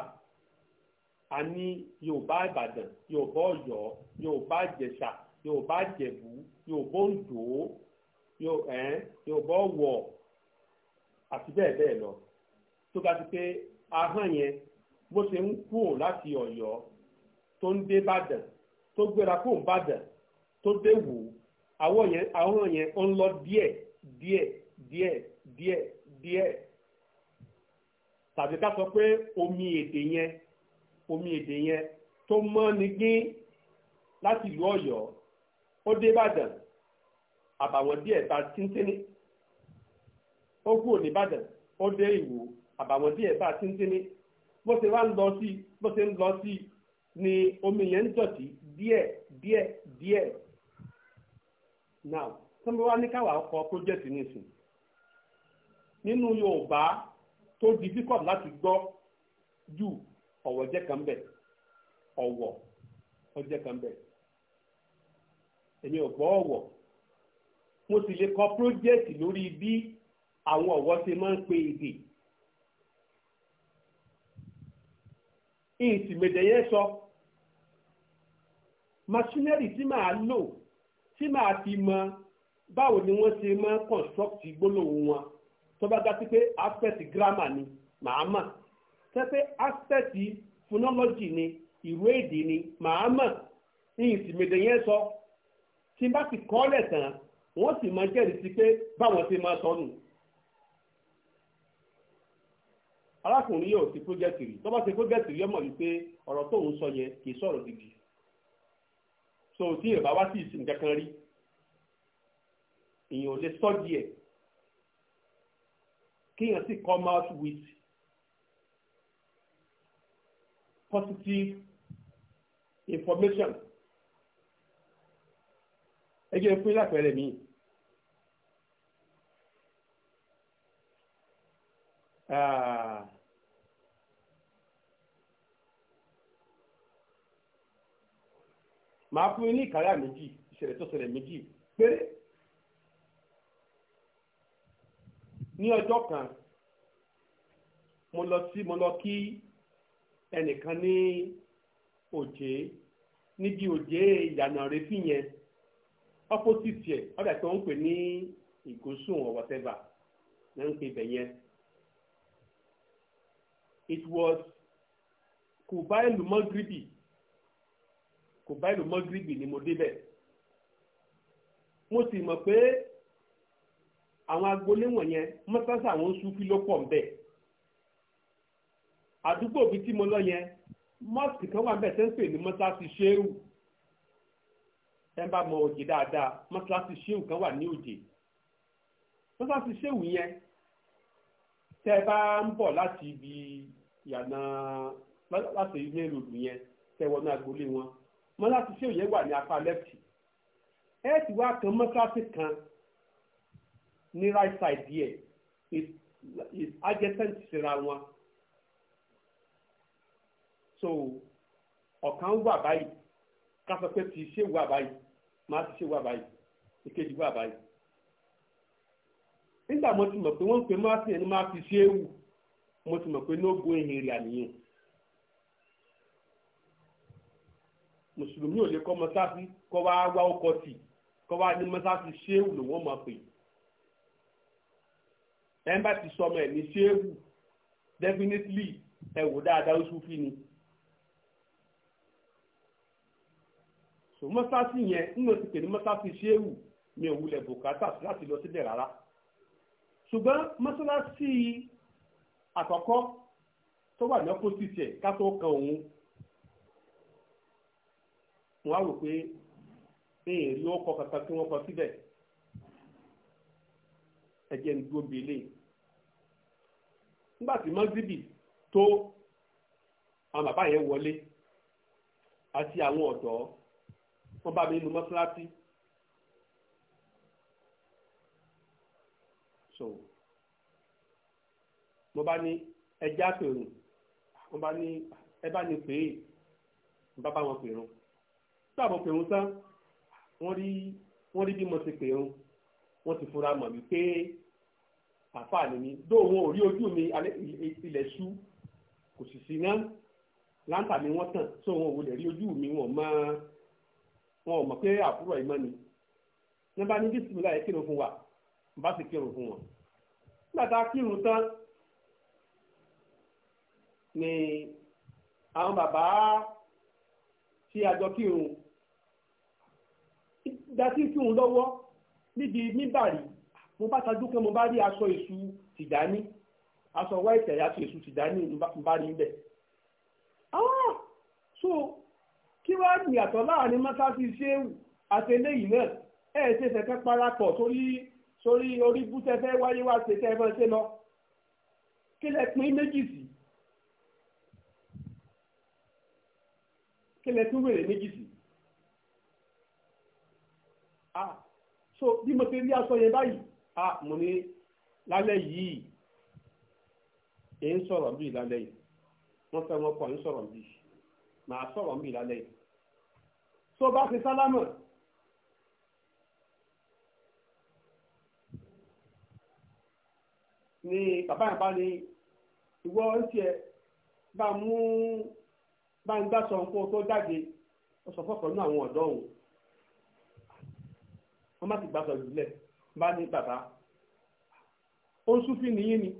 a ní yorùbá ìbàdàn yorùbá ọ̀yọ́ yorùbá ìjẹ̀ṣà yorùbá ìjẹ̀bú yorùbá oǹdó yorùbá ọ̀wọ̀ àti bẹ́ẹ̀ bẹ́ẹ̀ lọ tó bá ti pé ahọ́n yẹn bó ṣe ń kúrò láti ọ̀yọ́ tó ń dé bàdàn tó gbéra kúrò bàdàn tó dé wò àwọn yẹn àwọn yẹn ń lọ díẹ̀ díẹ̀ díẹ̀ díẹ̀ díẹ̀ tàbí ká sọ pé omi èdè yẹn omi èdè yẹn tó mọ́ ni gín láti ìlú Ọ̀yọ́ ó dé Ìbàdàn àbàwọ́n díẹ̀ ta tíntínní ó kúrò ní Ìbàdàn ó dé Ìwó àbàwọ́n díẹ̀ ta tíntínní bó ṣe wá ń lọ sí bó ṣe ń lọ sí ni omi yẹn ń dọ̀tí díẹ̀ díẹ̀ díẹ̀ now tí wọ́n bá wá ní káwá ọkọ̀ project nísìn nínú Yorùbá tó di difficult láti gbọ́ jù ọ̀wọ̀ jẹ́ kan bẹ̀ ọ̀wọ̀ ó jẹ́ kan bẹ̀ èmi ò gbọ́ ọ̀wọ̀ mo sì lè kọ project lórí bí àwọn ọ̀wọ̀ ṣe máa ń pe èdè ìtìmẹ̀dẹ̀ yẹn sọ machinery tí màá lò tí màá fi mọ báwo ni wọ́n ṣe máa construct gbólóhùn wọn tó bá dátí pé aspect grammar ni màá mọ̀ tẹ́pẹ́ aspect phonology ni ìwé èdè ni màá ní ìsìmẹ̀dẹ̀ yẹn sọ tí n bá ti kọ́ lẹ̀ tán wọ́n sì máa jẹ́rìí sí pé báwọn ti máa sọ nù. arákùnrin yóò ti project rí tó bá ti project rí ọmọ wípé ọ̀rọ̀ tóun sọ yẹn kì í sọ̀rọ̀ gidi so tí yorùbá wá sí ìsìn kankan rí èèyàn ò lè sọ́ di kéèyàn sì come out with positive information ẹ jẹ́ fún ìlàpẹ̀rẹ̀ mi. Uh, màá fún yín ní ìkàrà méjì ìṣẹ̀lẹ̀ tó ṣẹlẹ̀ méjì péré ní ọjọ́ kan mo lọ sí mo lọ kí ẹnìkan ní òjé níbi òjé ìyànà retí yẹn opposite yẹn ọ̀dà tí ń pè ní ìgòsùn or whatever ní ń pè ibẹ̀ yẹn it was kùbáìlù mọ́gìrìbì kùbáìlù mọ́gìrìbì ni mo débẹ̀ mo sì mọ̀ pé àwọn agboolé wọ̀nyẹn mọ́sánsá àwọn sufi ló pọ̀ ńbẹ̀ àdúgbò bíi tí mo lọ yẹn mọ́sìkì kan wà ń bẹ̀ tẹ́ ń pè ní mọ́sánsí ṣéwù tẹ́ ń bá mọ òjì dáadáa mọ́sánsí ṣéwù kan wà ní òjì mọ́sánsí ṣéwù yẹn tẹ́ ẹ bá ń bọ̀ láti ibi ìyànà láti ilé ìròdù yẹn tẹ́ wọnú agboolé wọn mọ́sánsí ṣéwù yẹn wà ní apá lẹ́fì ẹ̀ ti wá kan mọ́sánsí kan ní right side díẹ̀ is adjacent síra wọn so ọ̀kan wà báyìí ká sọ pé ti ṣe wà báyìí máa ti ṣe wà báyìí èkejì wà báyìí nígbà mo ti mọ̀ pé wọ́n ń pe máàsì ẹni máa fi ṣe é wù mo ti mọ̀ pé ní ó bo èrè àníyàn mùsùlùmí ò lè kọ́ mọ́sáàsì kọ́ wá wá ọkọ̀ tì kọ́ wá ní mọ́sáàsì ṣé é wù lòun ọmọ pè é ẹnba ti sọmọ ẹ ní ṣéwù definitely ẹ wò dáadáa oṣù fi ni. so mọ́sáàsì yẹn nínú ti pè ní mọ́sáàsì ṣéwù mi ò wulẹ̀ bùkátà láti lọ sílẹ̀ rárá ṣùgbọ́n mọ́sálásí àkọ́kọ́ tó wà ní ọ́pọ́sìtì ẹ̀ ká tó kan òun wọ́n á rò pé èèyàn rí ọkọ̀ kankan tí wọ́n kọ síbẹ̀ ẹ̀jẹ̀ ń dúró bèlè nígbà tí mọ́síbì tó àwọn bàbá yẹn wọlé àti àwọn ọ̀dọ́ wọ́n bá mi nu mọ́sálásí. so mo bá ní ẹja pèrò mo bá ní ẹ bá ní pèé mo bá bá wọn pèrò tí àwọn pèrò tán wọ́n rí wọ́n rí bí mo ti pèrò wọ́n ti fura mọ̀ wípé àfa ni mi dóòwò orí ojú mi ilẹ̀ ṣú kò sì sí náà láǹtà mi wọ́n tàn tó wọn ò lè rí ojú mi wọn mọ́ wọn ò mọ̀ pé àbúrò ìmọ̀ ni nígbà ní bísímìlá yẹn kírun fún wa bá sì kírun fún wọn nígbà tá a kírun tán ni àwọn bàbá tí a jọ kírun dá sí kírun lọ́wọ́ níbi míbàrí mo bá tajú pé mo bá rí aṣọ èṣù tìdání aṣọ white ẹ̀yà aṣọ èṣù tìdání mo bá rí bẹ́ẹ̀. ah so kí wá níyàtọ̀ láàrin mọ́sáàsì ṣéwù àti eléyìí náà ẹ̀ ṣe fẹ́ kẹ́ parapọ̀ sórí sórí orí bútẹ́fẹ́ wáyé wá ṣe tẹ́ ẹ fẹ́ ṣe lọ kí lẹ pín méjì sí kí lẹ tún wèrè méjì sí ah so bí mo ṣe rí aṣọ yẹn báyìí a mo ní lálẹ́ yìí èyí ń sọ̀rọ̀ bíi lálẹ́ yìí wọ́n fẹ́ wọn kọ̀ ń sọ̀rọ̀ bíi màá sọ̀rọ̀ bíi lálẹ́ yìí tó bá ti sálámà ni bàbá yẹn bá ní ìwọ ń tiẹ̀ bá mú bá ń gbà sọ nǹkan tó jáde ó sọ fọ́pọ̀ nínú àwọn ọ̀dọ́ òun wọ́n má ti gbà sọ bá ní bàbá ó ń súnfì nìyí ni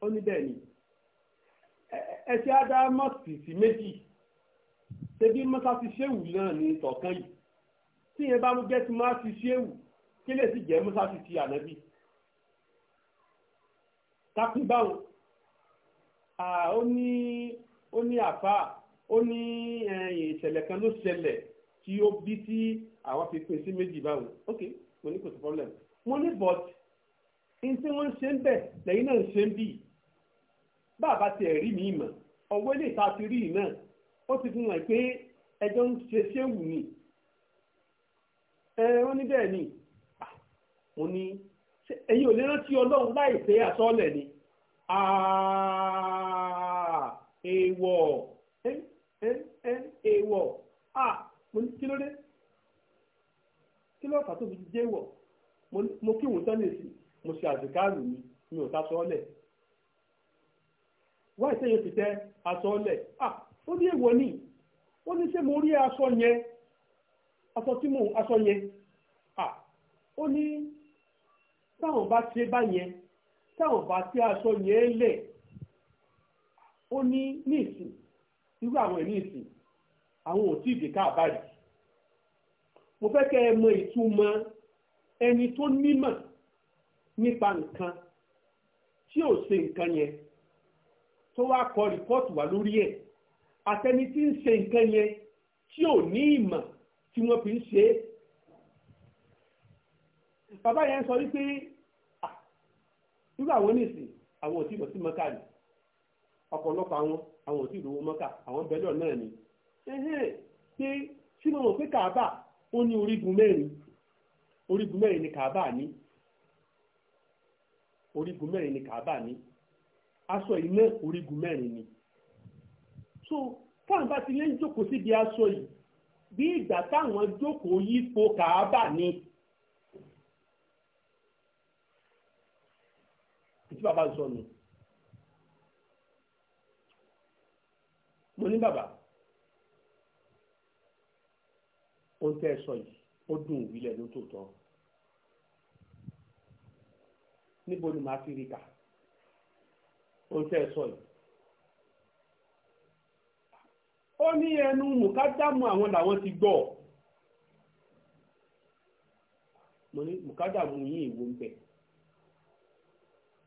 ó ní bẹ́ẹ̀ ni ẹsẹ̀ ádámọ́sì sí méjì ṣebí mọ́sáàsì ṣéwù náà ní tọ̀kan yìí tí yẹn bá mú jẹ́ ti mọ́sáàsì ṣéwù kí lè sì jẹ́ mọ́sáàsì ti ànábì takun báwo ó ní ó ní àfáà ó ní ìṣẹ̀lẹ̀ kan ló ṣẹlẹ̀ tí ó bí tí àwọn fi pín sí méjì báwo ok mo ní kò sí problem mo ní bọ́t ní tí wọ́n ń ṣe ń bẹ̀ lẹ́yìn náà ń ṣe ń bì bàbá tiẹ̀ rí mi mọ̀ ọ̀wọ́ ilé ìta ti rí náà ó ti fi hàn pé ẹjọ́ ń ṣe ṣéwù ni ẹ wọ́n ní bẹ́ẹ̀ ni ah, mo ní ẹ̀yin ò lè rántí ọlọ́run láì ṣe ni ah, èèwọ̀ èèwọ̀ ah, kí ló dé kí ló fà tó fi jẹ́wọ̀ mo kí òun tẹ́lẹ̀ sí mo ṣe àdìkáàrù mi mi ò ta sọ́ọ́lẹ̀ wáyé sẹ́yìn fi tẹ́ asọ́ọ́lẹ̀ ah ó ní èèwọ̀ ni ó ní ṣé mo rí aṣọ yẹn aṣọ tí mo aṣọ yẹn ah ó ní táwọn bá ṣe báyẹn táwọn bá ṣe aṣọ yẹn lẹ̀ ó ní ní ìsìn irú àwọn ẹ̀mí ìsìn àwọn ò tí ì dè káàbáyìí mo fẹ́ kẹ́ ẹ mọ ìtumọ̀ ẹni tó nímọ̀ nípa nǹkan tí ò ṣe nǹkan yẹn tó wá kọ rìpọ́ọ̀tù wá lórí ẹ̀ àtẹni tí ń ṣe nǹkan yẹn tí ò ní ìmọ̀ tí wọ́n fi ń ṣe é. bàbá yẹn sọ wípé ah, irú àwọn oníṣìn àwọn òtí ìlọsí mọ́kà ni ọ̀pọ̀lọpọ̀ àwọn àwọn òtí ìlówó mọ́kà àwọn bẹ́lọ̀ náà ni. ṣé ṣé mo mọ̀ pé kàábà ó ní orígun mẹ́rin orígun mẹ́rin ni kàábà ní orígun mẹ́rin ni kàábà ní aṣọ yìí orígun mẹ́rin ni so táwọn bá ti lé ń jókòó síbi aṣọ yìí bí ìgbà táwọn jókòó yípo kàábà ní. ìtí bàbá ń sọ nù mo ní bàbá ó ń tẹ́ ẹ sọ yìí ó dùn ìwílẹ̀ ló tó tọ́. níbo ni màá fi rí kà ohun tẹ́ ẹ sọ yìí. ó ní ẹnu mùkádàmù àwọn làwọn ti gbọ́ mo ní mùkádàmù yìí ìwò ń bẹ̀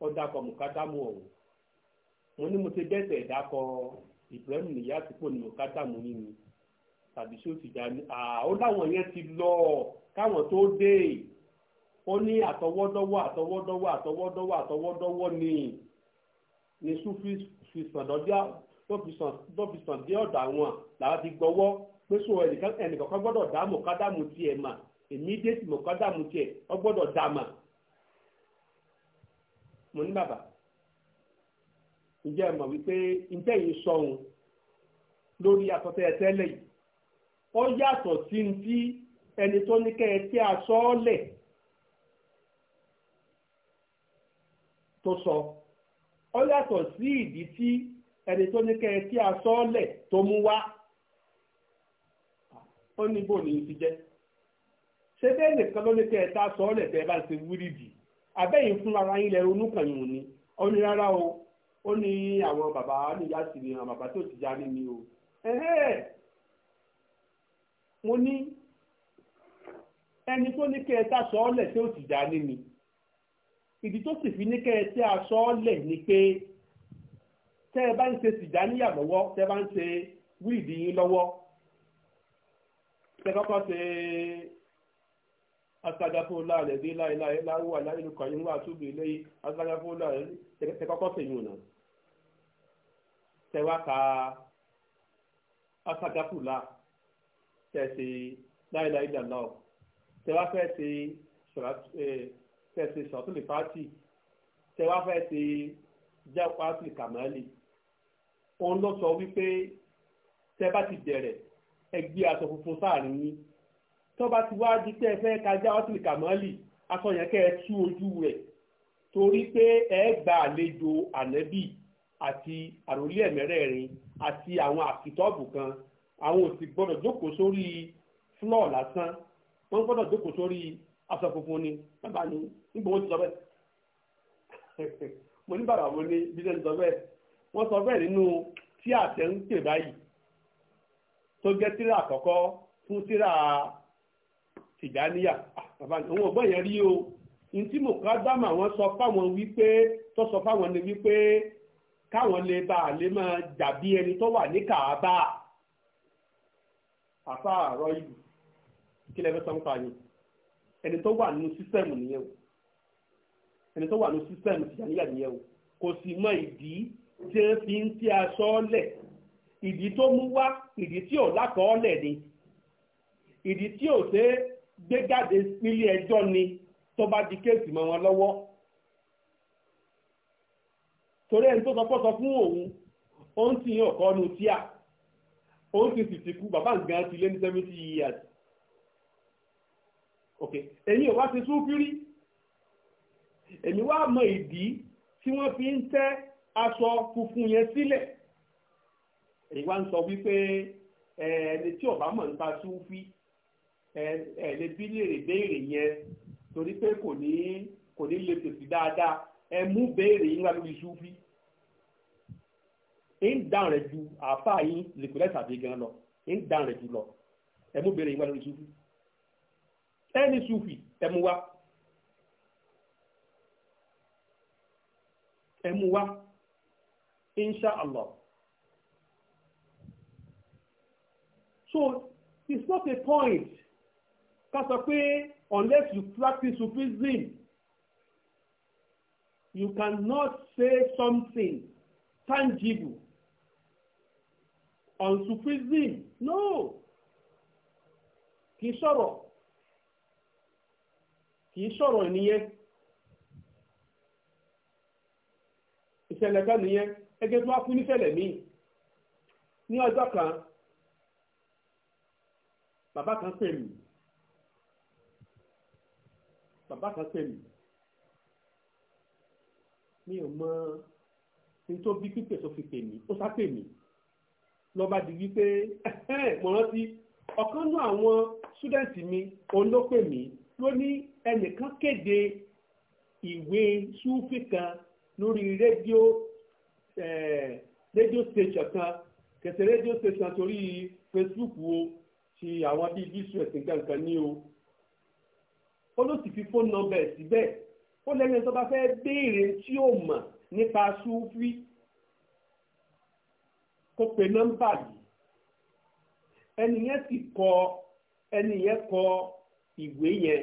ó dákọ̀ mùkádàmù ọ̀hún mo ní mo ti dẹ́sẹ̀ dákọ̀ Ibrahim nìyá àtìkò ní mùkádàmù yìí ni tàbí ṣé ó ti dá ó láwọn yẹn ti lọ káwọn tó dé. ó ní àtọwọ́dọ́wọ́ àtọwọ́dọ́wọ́ àtọwọ́dọ́wọ́ àtọwọ́dọ́wọ́ ni ni fi sàn dọ́jà tó fi sàn dé ti gbọ́wọ́ pé so ẹnìkankan gbọ́dọ̀ dá mọ̀kádàmù tiẹ̀ mà mọ̀kádàmù ọ gbọ́dọ̀ dá mà mo ní bàbá ǹjẹ́ ẹ mọ̀ wípé ǹjẹ́ yìí sọ̀hún lórí yìí ó yàtọ̀ sí ti ẹni tó ní kẹ́ ẹ tí a sọ ọ́ tó sọ ó yàtọ̀ sí ìdí tí ẹni tó ní kẹ́ tí a sọ lẹ̀ tó mú wá ó ní bò ní ti jẹ́ ṣé bẹ́ẹ̀ nìkan ló ní kẹ́ tá a sọ lẹ̀ tẹ́ bá ti wúrídì abẹ́yìn fún ara yín lẹ ronú ni ó ní rárá o ó ní àwọn bàbá níyà sì ni àwọn bàbá tó ti já ní ni o mo ní ẹni tó ní kẹ́ tá a sọ lẹ̀ tó ti já ní ni ìdí tó sì fi ní kẹ́ ẹ tí a sọ ọ́ lẹ̀ ni pé tẹ́ ẹ bá ń ṣe tìjáníyà lọ́wọ́ tẹ́ ẹ bá ń ṣe wíìdì yín lọ́wọ́ tẹ́ kọ́kọ́ ṣe asagafola rẹ̀ dé láìláì láwọ́ aláìlúkọ̀ yín wà túbú ilé asagafola rẹ̀ tẹ́ kọ́kọ́ ṣe yùn náà tẹ́ wá ka asagafola tẹ́ ṣe láìláì dàlọ́ tẹ́ wá fẹ́ ṣe eh, tẹ̀sí sọ̀túnlì fàtì tẹ̀wá fẹ́ ṣe jáfàtì kàmáàlì òun ló sọ wípé tẹ́ bá ti bẹ̀rẹ̀ ẹ gbé aṣọ funfun sáàrin yín tó bá ti wá di tẹ́ ẹ fẹ́ ka jáfàtì kàmáàlì aṣọ yẹn kẹ́ ẹ tú ojú rẹ̀ torí pé ẹ gba àlejò ànẹ́bì àti àròlé ẹ̀mẹ́rẹ̀ẹ̀rin àti àwọn àfitọ́ọ̀bù kan àwọn òsì gbọ́dọ̀ jókòó sórí flọ́ọ̀ lásán wọ́n gbọ́dọ̀ jókòó sórí aṣọ funfun ni bàbá ni nígbà wọ́n ti sọ bẹ́ẹ̀ mo ní bàbá wo ni bí sẹ́ni sọ bẹ́ẹ̀ wọ́n sọ bẹ́ẹ̀ nínú tí àtẹ ń pè báyìí tó jẹ́ tíra àkọ́kọ́ fún tíra tìjáníyà ah, bàbá àwọn ọ̀gbọ́n yẹn rí o ní tí mo ká dámà wọn sọ fáwọn wípé tó sọ fáwọn ni wípé káwọn lè bá a máa dàbí ẹni tó wà ní kàábà àfa àrọ ìlú kí lè fẹ́ sọ́nkà yìí ẹni tó wà nínú sísẹ́mù nìyẹn o ẹni tó wà ní sísẹ́mù tìjàníyà nìyẹn o kò sì mọ ìdí tí wọ́n fi ń tí aṣọ lẹ̀ ìdí tó mú wá ìdí tí ò lákọọ́lẹ̀ ni ìdí tí ò ṣe é gbé jáde nílé ẹjọ́ ni tó bá di kéèsì mọ́ wọn lọ́wọ́ torí ẹni tó sọpọ́ sọ fún òun òun ti yàn ọ̀kọ́ nu tíà òun ti sì ti kú bàbá nǹkan ti lé ní seventy years ok èyí ò wá ti sún kiri èmi wá mọ ìdí tí wọ́n fi ń tẹ́ aṣọ funfun yẹn sílẹ̀ èyí wá ń sọ wípé ẹni tí ọba mọ̀ nípa súnfí ẹ lè bí léèrè béèrè yẹn torí pé kò ní kò ní lè tètè dáadáa ẹ mú béèrè yín wá lórí súnfí ń dáhùn rẹ̀ ju àáfàá yín lèkùlẹ̀ tàbí gan lọ ń dáhùn rẹ̀ jù lọ ẹ mú béèrè yín wá lórí súnfí ẹni súnfí ẹ mú wá. ẹ mú wá inshallah so it's not a point ká sọ pé unless you practice sufism you cannot say something tangible on sufism no kì í sọ̀rọ̀ kì í sọ̀rọ̀ nìyẹn. ìṣẹ̀lẹ̀ kan nìyẹn ẹgbẹ́ tó wá kú níṣẹ̀lẹ̀ míì ní ọjọ́ kan bàbá kan pè mí bàbá kan pè mí mi ò mọ ní tó bí pípè tó fi pè mí ó sá pè mí lọ́ba di wípé mo rántí ọ̀kan nú àwọn ṣúdẹ̀ǹtì mi òun ló pè mí ló ní ẹnìkan kéde ìwé súfì kan lórí rédíò eh, rédíò station kan kẹsẹ̀ rédíò station torí Facebook o ti àwọn bíi bíṣu ẹ̀sìn kankan ní o ó ló sì fi fóònù nọ́mbà ẹ̀ síbẹ̀ ó lẹ́yìn tó bá fẹ́ béèrè tí ó mọ̀ nípa súfì kó pe nọ́mbà yìí ẹni yẹn sì kọ ẹni yẹn kọ ìwé yẹn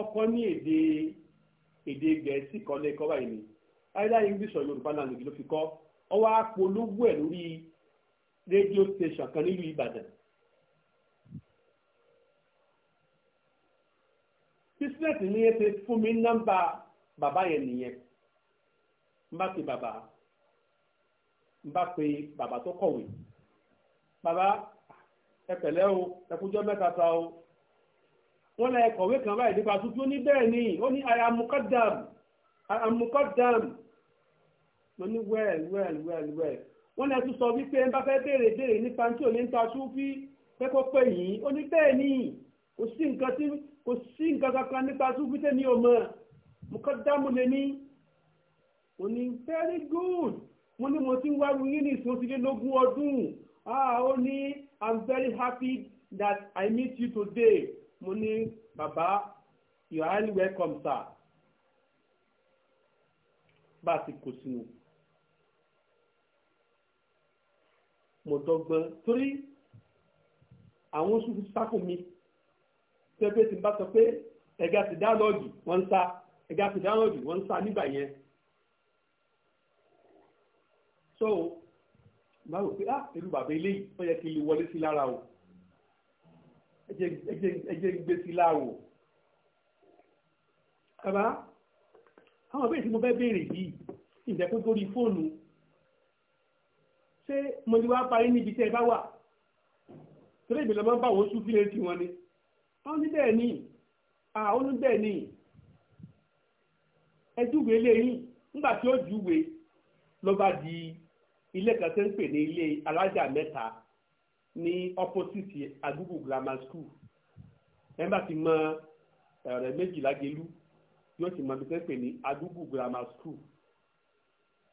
ọkọ ní èdè èdè gẹ̀ẹ́sì kan lẹ́ẹ̀kọ́ báyìí ni either english or yorùbá language ló fi kọ́ ọ wá polówó ẹ̀ lórí rédíò station kan nílùú ìbàdàn. business ni ẹ ti fún mi nọ́mbà bàbá yẹn nìyẹn n bá pe bàbá n bá pe bàbá tó kọ̀wé bàbá ẹ pẹ̀lẹ́ o ẹ kújọ́ mẹ́ta ta o wọ́n lẹ kọ̀wé kan báyìí nípa tuntun ní bẹ́ẹ̀ ni ó ní i am muqaddam i am muqaddam mo ní well well well well wọ́n lẹ tún sọ wípé ń bá fẹ́ béèrè béèrè nípa tí ò ní ń ta súnfí pé kó pè yín ó ní bẹ́ẹ̀ ni kò sí nǹkan tí kò sí nǹkan kankan nípa súnfí tèmi ò mọ̀ muqaddam lè ní mo ní very good mo ní mo ti ń wá wíyín ní ìsúnṣílélógún ọdún ah ó ní i'm very happy that i meet you today mo ní bàbá you are highly welcome sir bá a ti kò sínú mo dọ́gbọ́n torí àwọn oṣù sáfù mi pẹ́pẹ́ ti bá sọ pé ẹ̀gá ti dá lọ́ọ̀dì wọ́n ń sá ẹ̀gá ti dá lọ́ọ̀dì wọ́n ń sá nígbà yẹn so báwo pé ah irú bàbá eléyìí ó yẹ kí n lè wọlé sí lára o ẹjẹ́ gbé sí láàwò bàbá àwọn bẹ́ẹ̀ tí mo fẹ́ béèrè yìí ìjẹ́kó tó rí fóònù ṣé mo ti wá parí níbi tẹ́ ẹ bá wà torí ìbílẹ̀ máa ń bá wọn sún fílẹ̀ tí wọ́n ni wọ́n ní bẹ́ẹ̀ ni àwọn ní bẹ́ẹ̀ ni ẹ júwe lẹ́yìn nígbà tí ó júwe ló bá di ilé kan tó ń pè ní ilé alájà mẹ́ta ní opposite agugu grammar school ẹ̀ńbà ti mọ ọ̀rẹ́ méjìlá gelú yóò sì mọ ibi tẹ́ pè ní àdúgbò grammar school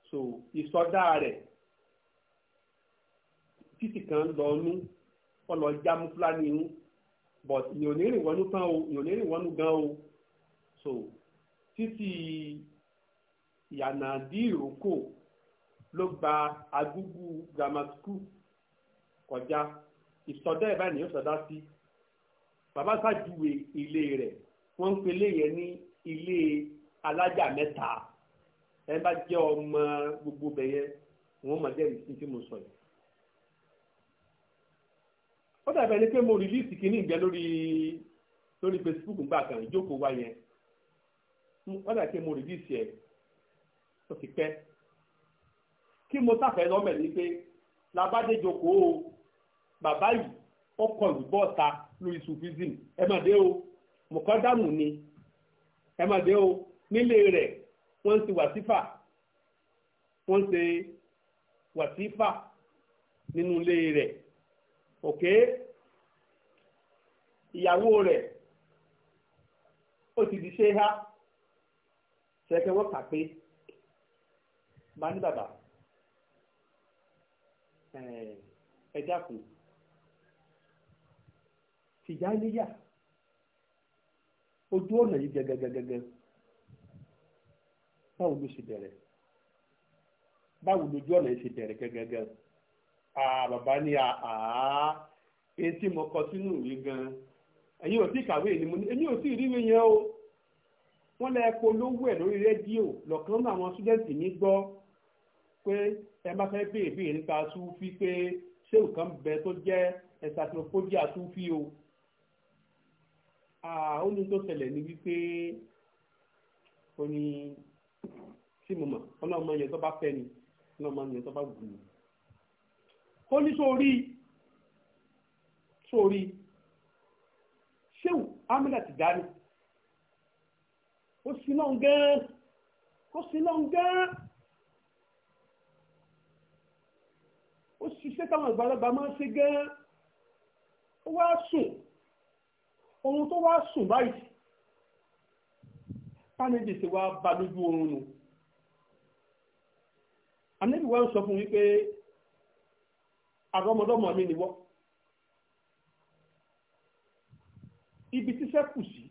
so ìsọdá rẹ̀ títì kan lọ nú ọlọ jámú fúlàní nú but ìyọ̀nìrìn wọnú tán o ìyọ̀nìrìn wọnú gan o so títì ìyànà dí ìrókò ló gba àdúgbò grammar school kọjá ìsọdá ẹ̀ báyìí ni ó sọdá sí bàbá ṣàjúwe ilé rẹ̀ wọ́n ń pelé yẹn ní ilé alájà mẹ́ta ẹ bá jẹ́ ọmọ gbogbo bẹ̀yẹ wọ́n mọ̀ jẹ́rìí sí tí mo sọ yìí ó dàbẹ̀ ni pé mo rìlíìsì kìíní ìgbẹ́ lórí lórí Facebook ń gbà kan ìjókòó wa yẹn ó dàbẹ̀ pé mo rìlíìsì ẹ̀ ó ti pẹ́ kí mo sáfẹ́ lọ́mẹ̀ ni pé labádéjokòó bàbá yìí ó kọ ìlúbọ̀ ọ̀ta lórí sufism ẹ dị dé o mọ̀kọ́dàmù ni ẹ dé o nílé rẹ̀ wọ́n ń ṣe wàsífà wọ́n ń ṣe wàsífà nínú ilé rẹ̀ òkè ìyàwó rẹ̀ ó ti di ṣé há ṣẹ̀kẹ́ wọ́n kà pé bá ní bàbá tìjáníyà ojú ọ̀nà yìí gẹ́gẹ́gẹ́gẹ́ báwo ló ṣe bẹ̀rẹ̀ báwo lójú ọ̀nà yìí ṣe bẹ̀rẹ̀ gẹ́gẹ́gẹ́ àà ni àà èyí mo kọ sínú gan ẹ̀yin ò ni mo ní èmi ò o wọ́n lẹ ẹ̀ lórí rédíò mi gbọ́ pé ẹ má fẹ́ béèrè nípa pé ṣé nǹkan bẹ tó o. ó ní tó ṣẹlẹ̀ ní wípé ó ní tí mo mọ̀ ọlọ́mọ yẹn tó bá fẹ́ ni ọlọ́mọ yẹn tó bá gùn ni ó ní sórí sórí ṣéwù amílẹ̀ ti dání ó sì náà gẹ́ẹ́ ó sì náà gẹ́ẹ́ ó ṣiṣẹ́ táwọn àgbàlagbà máa ń ṣe gẹ́ẹ́ ó wá sùn ohun tó wá sùn báyìí pánẹ́jì ti wá bá lójú oorun nù ànábì wá ń sọ fún wípé àrọ́mọdọ́mọ mi nìwọ ibi tíṣẹ́ kù sí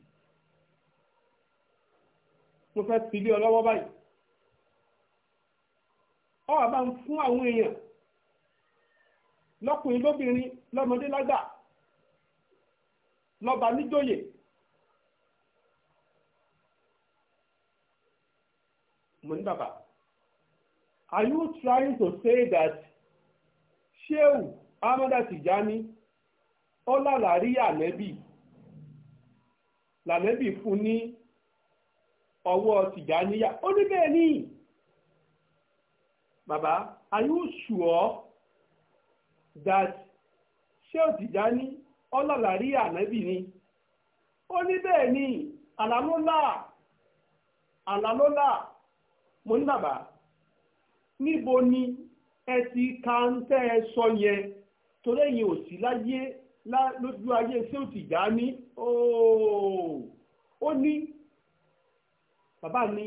mo fẹ́ tìlé ọ lọ́wọ́ báyìí ọ àbá ń fún àwọn èèyàn lọ́kùnrin lóbìnrin lọ́mọdé lágbàá lọ́ba níjòyè mo ní bàbá are you trying to say that sheu amada tijani ó lálàárí ànẹ́bì lànẹ́bì fún ní ọwọ́ tìjàníyà ó ní bẹ́ẹ̀ ni bàbá are you sure that sheu tijani ọlọ́lá rí ànábì ni ó ní bẹ́ẹ̀ ni àlálólà àlálólà mo ní bàbá níbo ni ẹ ti ka ń tẹ́ ẹ sọ yẹn torí ẹ̀yin ò sí láyé lójú ayé ṣé ò ti gbà á ní ó ní bàbá ní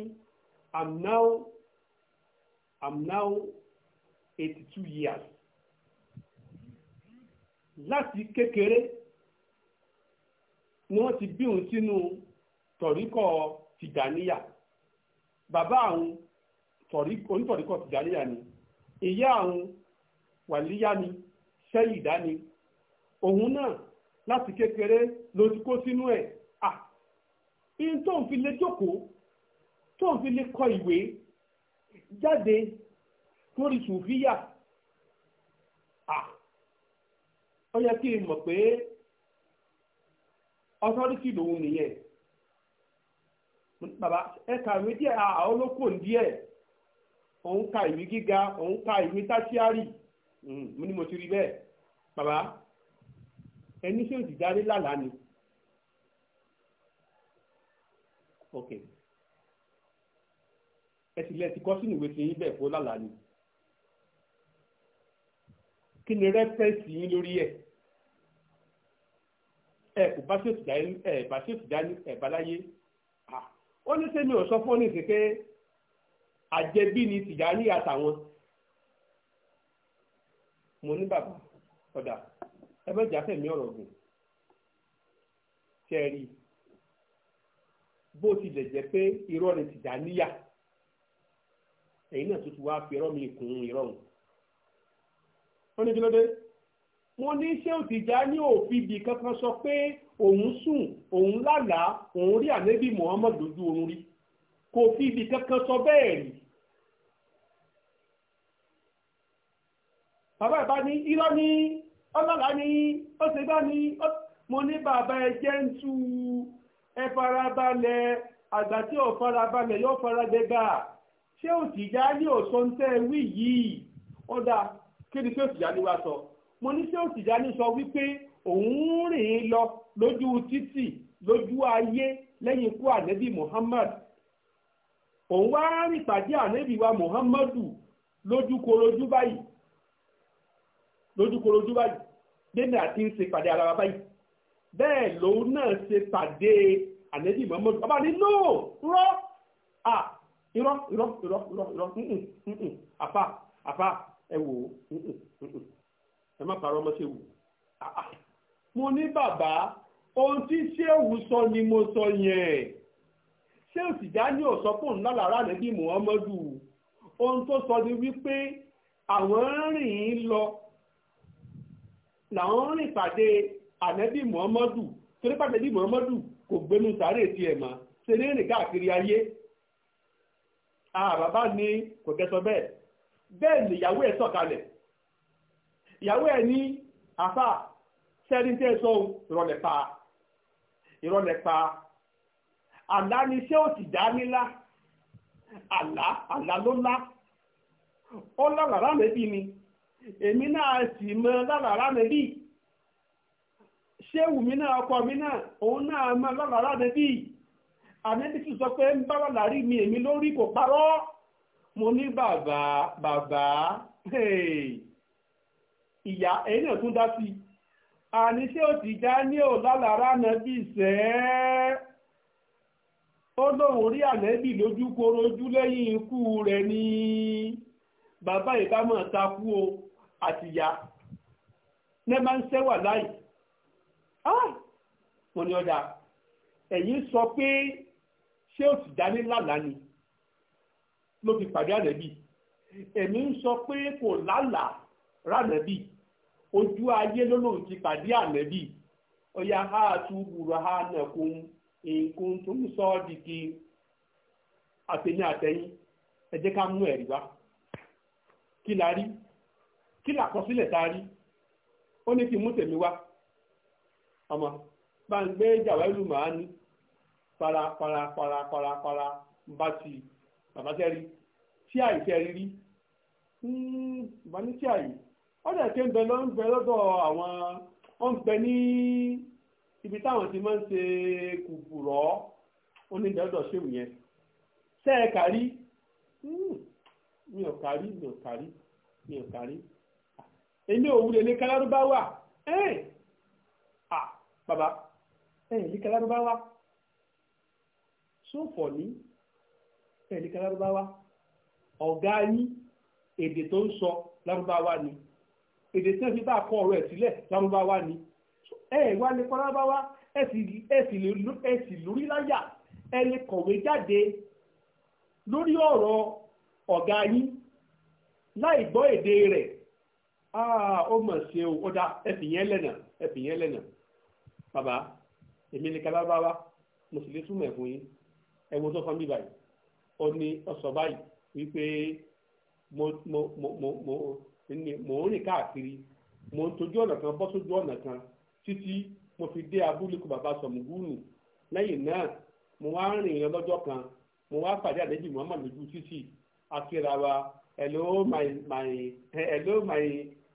i'm now i'm now eighty two years láti kékeré ni wọ́n ti bí òun sínú tọ̀ríkọ̀ tìjàníyà bàbá àwọn onítọ̀ríkọ̀ tìjàníyà ni ìyá àwọn wàlíyá ni sẹ́yìdá ni òun náà láti kékeré ló ti kó sínú ẹ̀ à ihun tó ń fi lè jókòó tó fi lè kọ ìwé jáde lórí sùfíyà ó yẹ kí n mọ̀ pé ọtọ́rìtì lòun nìyẹn bàbá ẹ ka ìwé díẹ̀ àwọn olóko díẹ̀ òun ka ìwé gíga òun ka ìwé táṣíárì hmm, mo ní mo ti rí bẹ́ẹ̀ bàbá ẹni ṣé òsì jáde lálàá ni ok ẹ sì lẹ ti kọ sínú ìwé tí yín bẹ́ẹ̀ lálàá ni kí ni rẹ́fẹ́ǹsì yín lórí ẹ̀ ẹ kò bá ṣètì dání ẹ bá ṣètì dání ẹ bá láyé ó ní sẹ́mi ò sọ fún ọ ní ìsìn pé àjẹbí ni Tìjàní àtàwọn mo ní bàbá ọ̀dà ẹ bẹ́ẹ̀ jà fẹ̀mí ọ̀rọ̀ gùn kẹrì bó tilẹ̀ jẹ́ pé irọ́ ni Tìjàní yà èyí náà tó ti wá fi irọ́ mi kún irọ́ òun ó ní kí ló dé mo ní ṣé òtìjà ní òfin ibì kankan sọ pé òun sùn òun lálàá òun rí ànábì Muhammad lójú oorun rí kò fi ibì kankan sọ bẹ́ẹ̀ rí. bàbá ìbá ní irọ́ ní ọlọ́lá ní ọ̀sẹ̀gbá ní mo ní bàbá ẹ jẹ́ ń tu ẹ farabalẹ̀ àgbà tí ò farabalẹ̀ yóò faragbẹ́gà ṣé òtìjà ní òsọ̀ntẹ́ wí yìí ọ̀dà kí ni ṣé òtìjà ní wàá sọ. So mo ní ṣé Tìjání sọ wípé òun rìn lọ lójú títì lójú ayé lẹ́yìn ikú ànẹ́bí Muhammad òun wá rìn pàdé ànẹ́bí wa Muhammadu lójúkorojú báyìí lójúkorojú báyìí dénà àti ń ṣe pàdé ara wa báyìí bẹ́ẹ̀ lòun náà ṣe pàdé ànẹ́bí Muhammadu ọba ní no rọ́ à irọ́ irọ́ irọ́ irọ́ irọ́ àfa àfa ẹ wò ó ẹ má parọ́ ọmọ ṣéwù ah, ah. mo ní bàbá ohun tí ṣéwù sọ ni mo sọ yẹn ṣéwù Tìjání ò sọ fún ńlá làrá nẹ́bí Muhammadu ohun tó sọ ni wípé àwọn rìn lọ làwọn rìn pàdé ànẹ́bí Muhammadu torí pàdé bí Muhammadu kò gbénu sáré tiẹ̀ mọ́ ṣe ní rìn káàkiri ayé àbàbá ah, ni kò gẹ́sọ bẹ́ẹ̀ bẹ́ẹ̀ nìyàwó ẹ̀ sọ̀kalẹ̀ ìyàwó ẹ̀ ní àfà sẹ́ríńtẹ́ sọ ìrọ̀lẹ̀ pa ìrọ̀lẹ̀ pa àlá ni iṣẹ́ ò sì dá nílá àlá àlá ló lá ó lálàrá mẹ́bí ni èmi náà sì mọ lálàrá mẹ́bí ṣéwù mi náà ọkọ mi náà òun náà mọ lálàrá mẹ́bí àmẹ́bí sì sọ pé ń bá lálàrí mi èmi lórí kò parọ́ mo ní bàbá bàbá hey ìyá ẹ̀yìn náà tún dá sí i àníṣe òtí daniel lálára nàbí ìṣẹ́ ó lóun rí ànẹ́bì lójú korojú lẹ́yìn ikú rẹ̀ ni bàbá ìbámọ̀ takú o àtìyá ní máa ń sẹ́wà láì wọ́n ní ọjà ẹ̀yin sọ pé ṣé òtí daniel lálàá ni ló fi pàdé ànẹ́bì èmi ń sọ pé kò lálàá ránàbì. ojú ayé lọ́lọ́run ti pàdé ànábì oya ha tún wùrọ̀ ha nàkún nǹkan tó ń sọ ọ́ di kí àtẹ̀yìn àtẹ̀yìn ẹ ká mú ẹ̀rí wá kí la rí kí la kọ sílẹ̀ tá rí ó ní n mú tèmi wá ọmọ bá ń gbé màá ní para para para para para bá ti bàbá tẹ́rí tí àìsẹ́ hmm, bá ní tí ó dẹ̀ ké ń bẹ ló ń bẹ lọ́dọ̀ àwọn ó ń bẹ ní ibi táwọn ti máa ń ṣe kùbùrọ̀ oníbẹ̀lọ́dọ̀ ṣéwù yẹn ṣẹ́ ẹ kárí hmm, mi ò kárí mi ò kárí mi ò kárí èmi ò wulẹ̀ ní kálárúbáwá ẹ̀ à bàbá ẹ̀ ní kálárúbáwá sófò ní ẹ̀ ní kálárúbáwá ọ̀gá yín èdè tó ń sọ lárúbáwá ni èdè tí wọ́n fi bá kọ ọ̀rọ̀ ẹ̀ sílẹ̀ lárúbáwá ni ẹ wá lè kọ́ lárúbáwá ẹ sì lórí láyà ẹ lè kọ̀wé jáde lórí ọ̀rọ̀ ọ̀gá yín láì gbọ́ èdè rẹ̀ ó mọ̀ sí o ó dá ẹ̀fìyẹn lẹ́nà ẹ̀fìyẹn lẹ́nà bàbá èmi ni kálábáwá mo sì lè túmọ̀ ẹ̀ fún yín ẹ̀wọ̀n tó fọ́n bí báyìí ó ní ọ̀sọ̀ báyìí wípé mo mo mo mo ni mò ń rìn káàkiri mò ń tójú ọ̀nà kan bọ́ sójú ọ̀nà kan títí mo fi dé abúlé kó bàbá sọ̀mùgúnù lẹ́yìn náà mo wá rìn lọ lọ́jọ́ kan mo wá pàdé àdéjì muhammad lójú títì akíra hello my my hello my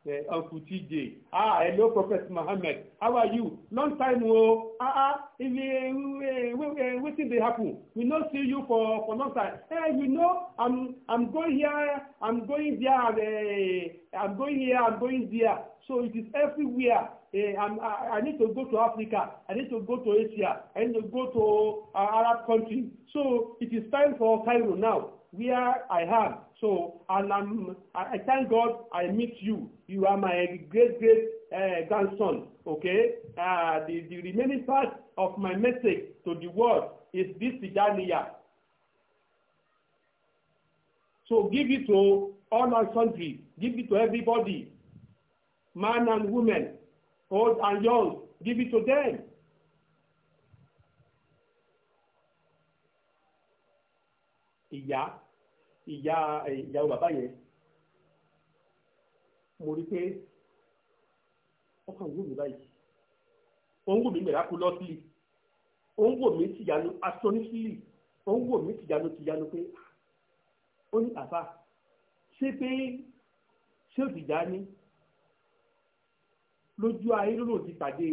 uh, Uncle TJ. Ah, hello, Prophet Muhammad. How are you? Long time, oh. Ah, ah, if, uh, uh, what did happen? We not see you for, for long time. Hey, eh, you know, I'm, I'm going here, I'm going there, uh, I'm going here, I'm going there. So it is everywhere. Uh, I'm, I, I need to go to Africa. I need to go to Asia. I need to go to uh, Arab country. So it is time for Cairo now where I am. So, and I'm, I, thank God I meet you. You are my great, great uh, grandson. Okay? Uh, the, the remaining part of my message to the world is this Tijaniya. So give it to all our country. Give it to everybody. Man and woman, old and young. Give it to them. ìyá ìyá eh, ìyàwó bàbá yẹn mo rí pé ọkàn wù mí báyìí ó ń wù mí mẹ̀rá kú lọ́sílì ó ń wù mí tìyanu asọ́nísílì ó ń wù mí tìyanu tìyanu pé ah. ó ní àbá ṣé pé ṣé òtìjà ní lójú ayé ló lòdì pàdé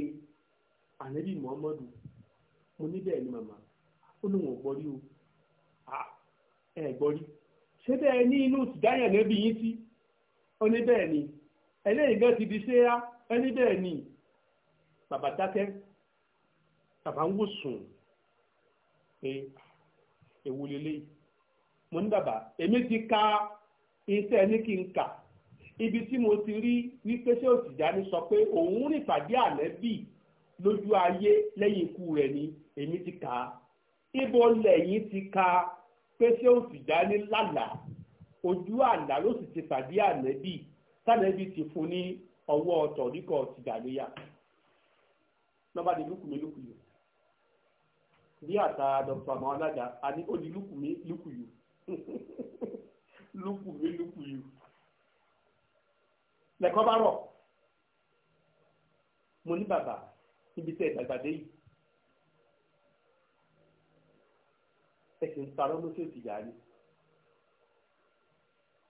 ànábì Muhammadu mo ní bẹ́ẹ̀ ni màmá ó lóun ò gbọ́ rí o ẹ̀ gbọ́ rí ṣé bẹ́ẹ̀ ní inú tìdáyàn lẹ́bi yín sí ó ní bẹ́ẹ̀ ni ẹlẹ́yìn gan ti di ṣéyá ẹni bẹ́ẹ̀ ni bàbá dákẹ́ bàbá ń wò sùn pé ewu lélẹ́yìí mo ní bàbá èmi ti ka iṣẹ́ ní kí n kà ibi tí mo ti rí wípé ṣé òtìjáni sọ pé òun rìn pàdé àlẹ́bì lójú ayé lẹ́yìn ikú rẹ̀ ni èmi ti kà á ibo lẹ́yìn ti kà á pé ṣé ó sì dá ní lálàá ojú àlá ló sì ti pàdé ànẹ́bì tànẹ́bì ti fún ní ọwọ́ ọ̀tọ̀ níkọ̀ tìjàníyà nọ́mbà ní lukumi lùkùyù bí àtà dr àmọ́ alága a ní ó ní lùkùmí lùkùyù lùkùmí lùkùyù lẹ́kọ́ bá rọ̀ mo ní bàbá níbi tẹ́ ìdàgbàdé yìí ẹ̀sìn ń parọ́ mọ́tò ìtìjà ni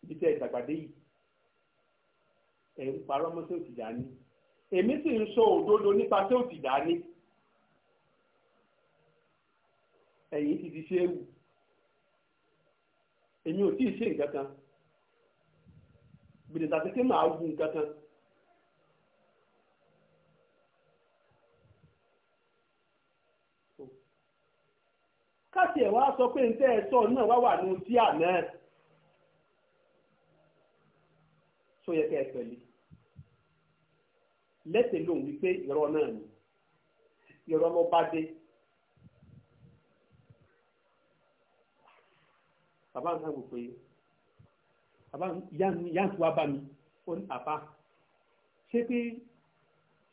ibi tẹ́ ìdàgbàdé yìí ẹ̀ ń parọ́ mọ́tò ìtìjà ni èmi sì ń sọ òdodo nípa tó ìtìjà ni ẹ̀yìn ti di ṣéwù èmi ò tí ì ṣe nǹkan kan gbèdéta tètè máa wù nǹkan kan. káṣí ẹ̀ wá sọ pé ń tẹ́ ẹ sọ náà wá wà ní tíà náà tó yẹ kẹ́ ẹ pẹ̀lú lẹ́sẹ̀ lòun wípé irọ́ náà ni irọ́ ló bá dé. bàbá ń sáwò pé bàbá yá ń tuwa bá mi ó ní àbá ṣé pé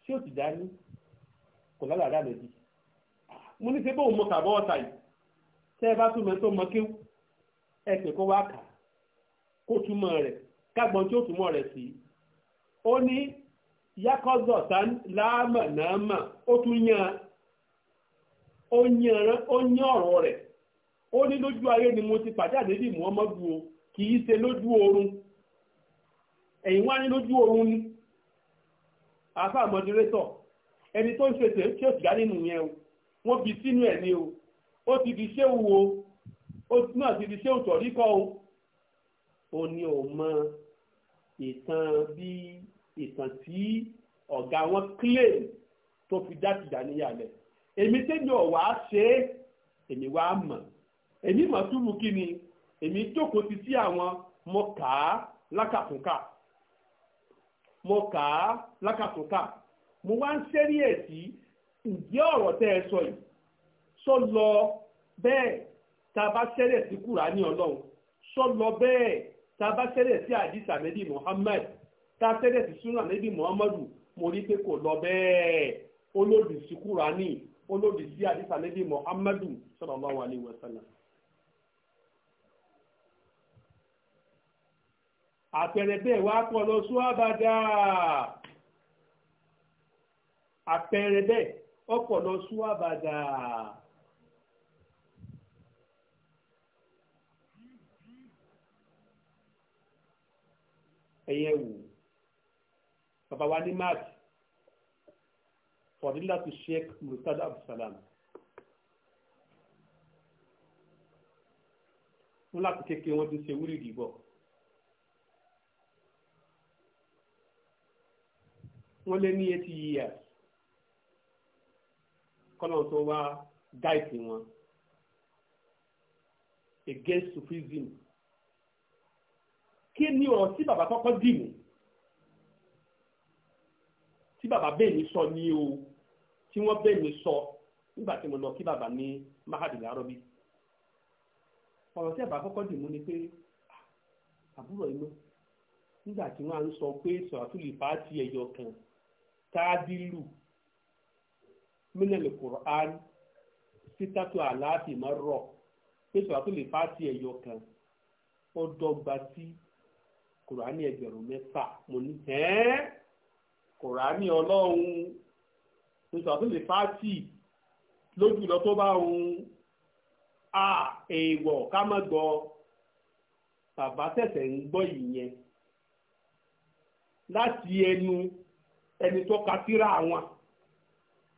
ṣé ò ti dá kò lálàá dáadé bí ah, mo ní ṣe bóun mọ kàbọ̀ ọ̀tá yìí tẹ́ ẹ bá túmọ̀ tó mọ kéwù ẹ pè kó wá kà kó túmọ̀ rẹ̀ kágbọ́n tí ó túmọ̀ rẹ̀ sí. ó ní yakọ́zọ̀ tán láàmà náàmà ó tún yan ó yan ọ̀rọ̀ rẹ̀ ó ní lójú ayé ni mo ti pàjáde bí muhammadu o kì í ṣe lójú oorun ẹ̀yìn wá ní lójú oorun ni àfa mọ̀dúrétọ̀ ẹni tó ń ṣe tẹ̀ tí ó sì nínú yẹn o wọ́n bi sínú ẹ̀ ní o ó ti di ṣéwù o ó náà ti di ṣéwù tọ̀ríkọ́ o ó ní ò mọ ìtàn bí ìtàn tí ọ̀gá wọn claim tó fi dá Tìjàníyà lẹ̀ èmi tẹ́jọ́ wà á ṣe é èmi wà á mọ̀ èmi mọ̀ túbú kí ni èmi jókòó ti sí àwọn mo kà lákàtúnkà mo kà lákàtúnkà mo wá ń ṣẹ́rí ẹ̀ sí ǹjẹ́ ọ̀rọ̀ tẹ́ ẹ sọ yìí sọlọ bẹ́ẹ̀ tá a bá ṣẹlẹ̀ sí kùránì ọlọ́run sọlọ bẹ́ẹ̀ tá a bá ṣẹlẹ̀ sí àdìsá nẹ́bí Muhammad tá a ṣẹlẹ̀ sí súnà nẹ́bí Muhammadu mo rí pé kò lọ bẹ́ẹ̀ olódì sí kùránì olódì sí àdìsá nẹ́bí Muhammadu sallallahu alaihi wasallam. àpẹẹrẹ bẹ́ẹ̀ wá pọ̀ lọ sún àbàdà àpẹẹrẹ bẹ́ẹ̀ ọ̀pọ̀ lọ sún àbàdà. ẹ̀yẹ wò bàbá wa ní máàtì fọ̀dílà tó Sheikh Murtada Abdulsalam wọn láti kékeré wọn ti ṣe wúrì dìbò wọn lé ní eighty years kọ́nà tó wá gáìtì wọn against Sufism. kí ni ọ̀rọ̀ tí bàbá kọ́kọ́ dì tí bàbá bẹ́ẹ̀ mi sọ ní o tí wọ́n bẹ́ẹ̀ mi sọ nígbà tí mo lọ kí bàbá ní mahadum arọ́bí ọ̀rọ̀ tí bàbá kọ́kọ́ dì mú ni pé ah, àbúrò inú nígbà tí wọ́n á ń sọ pé ẹ̀yọ kan mílẹ̀lì kùrán sítátù mọ́rọ̀ pé ẹ̀yọ kan kùránì ẹgbẹ̀rún mẹ́fà mo ní ẹ́ẹ́ kùránì ọlọ́run nítorí fáàtì lójúlọ tó bá òun a èèwọ̀ ká má gbọ́ bàbá tẹ̀sẹ̀ ń gbọ́ ìyẹn láti ẹnu ẹni tó ka síra wọn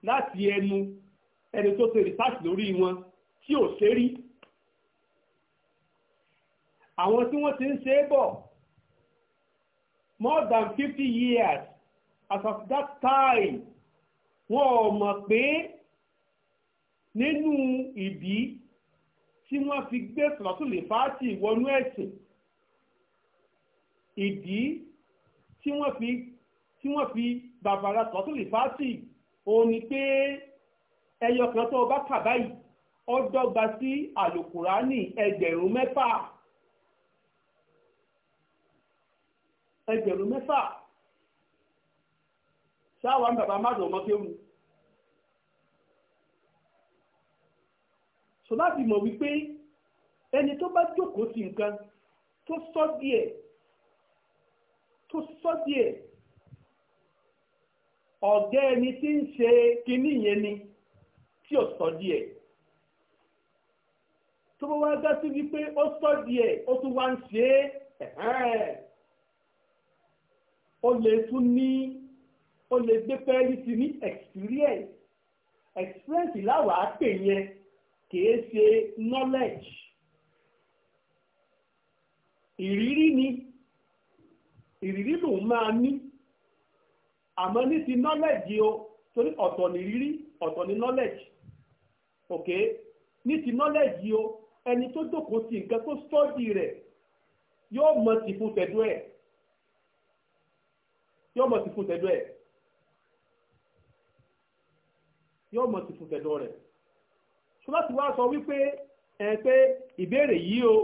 láti ẹnu ẹni tó ṣe rìsáàtì lórí wọn tí ò ṣe rí àwọn tí wọ́n ti ń ṣe é more than fifty years as of that time wọn ò mọ̀ pé nínú ìdí tí wọ́n fi gbé sọ̀tùlẹ̀ fáàtì wọnú ẹ̀sìn ìdí tí wọ́n fi tí wọ́n fi bàbàrà sọ̀tùlẹ̀ fáàtì òun ni pé ẹyọ kan tó bá kà báyìí ó dọ́gba sí àlùkùránì ẹgbẹ̀rún mẹ́fà. ẹgbẹ̀rún mẹ́fà sáwọn bàbá má dùn ọmọ kéwù so láti mọ̀ wípé ẹni tó bá jókòó sí nǹkan tó sọ díẹ̀ tó sọ díẹ̀ ọ̀gá ẹni tí ń ṣe kinní yẹn ni tí ò sọ díẹ̀ tó bá wá dá sí wípé ó sọ díẹ̀ ó tún wá ń ṣe é ó lè tún ni ó lè gbé pẹ́ẹ́lí sí ní experience experience láwàá pè yẹn kìí ṣe knowledge ìrírí ni ìrírí lòun máa ní àmọ́ ní ti knowledge o torí ọ̀tọ̀ ní rírí ọ̀tọ̀ ní knowledge ok ní ti knowledge o ẹni tó jókòó sí nǹkan tó study rẹ̀ yóò mọ̀ tìfun tẹ̀dú ẹ̀ yóò mọ̀ sí fún tẹ̀dọ̀ ẹ̀ yóò mọ̀ sí fún tẹ̀dọ̀ rẹ̀ ṣó láti wá sọ wípé ẹ pé ìbéèrè yìí o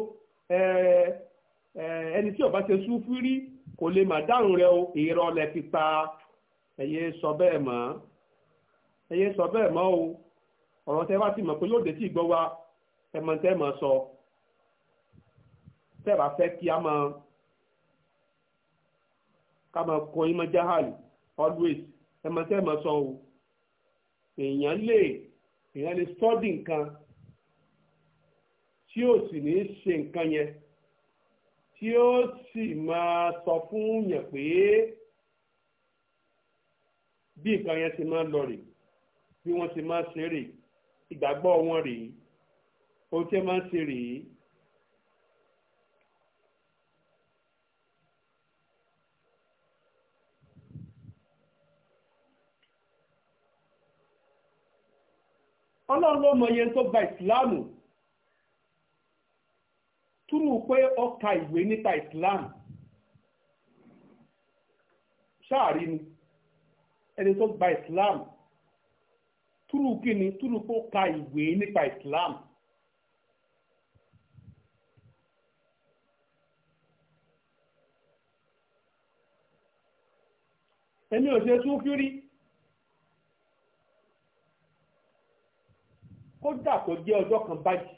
ẹni tí ó bá ṣe súfú rí kò lè má dáhùn rẹ o irọ́ lẹ fi pa ẹ̀yẹ sọ bẹ́ẹ̀ mọ́ ẹ̀yẹ sọ bẹ́ẹ̀ mọ́ o ọ̀rọ̀ tẹ́ bá ti mọ̀ pé yóò dé tí ìgbọ́ wa ẹ̀mọ̀ tẹ́ mọ̀ sọ tẹ́ bá fẹ́ kí a máa. Kama máa kọ yín jahali always ẹ máa tẹ́ ẹ máa sọ o èèyàn lè èèyàn lè sọ́dí nǹkan tí ó sì ní ṣe nǹkan yẹn tí ó sì máa sọ fún yàn pé bí nǹkan yẹn ti máa lọ rè bí wọ́n ti máa ṣe rè ìgbàgbọ́ wọn rèé ohun tí máa ń ṣe rèé ọlọ́run ló mọ iye tó gba ìsìláàmù túmù pé ó ka ìwé nípa ìsìláàmù sáàrí ni ẹni tó gba ìsìláàmù túrú kíni túrú kó ka ìwé nípa ìsìláàmù. èmi ò ṣe tún kí rí kódà kó jẹ́ ọjọ́ kan báyìí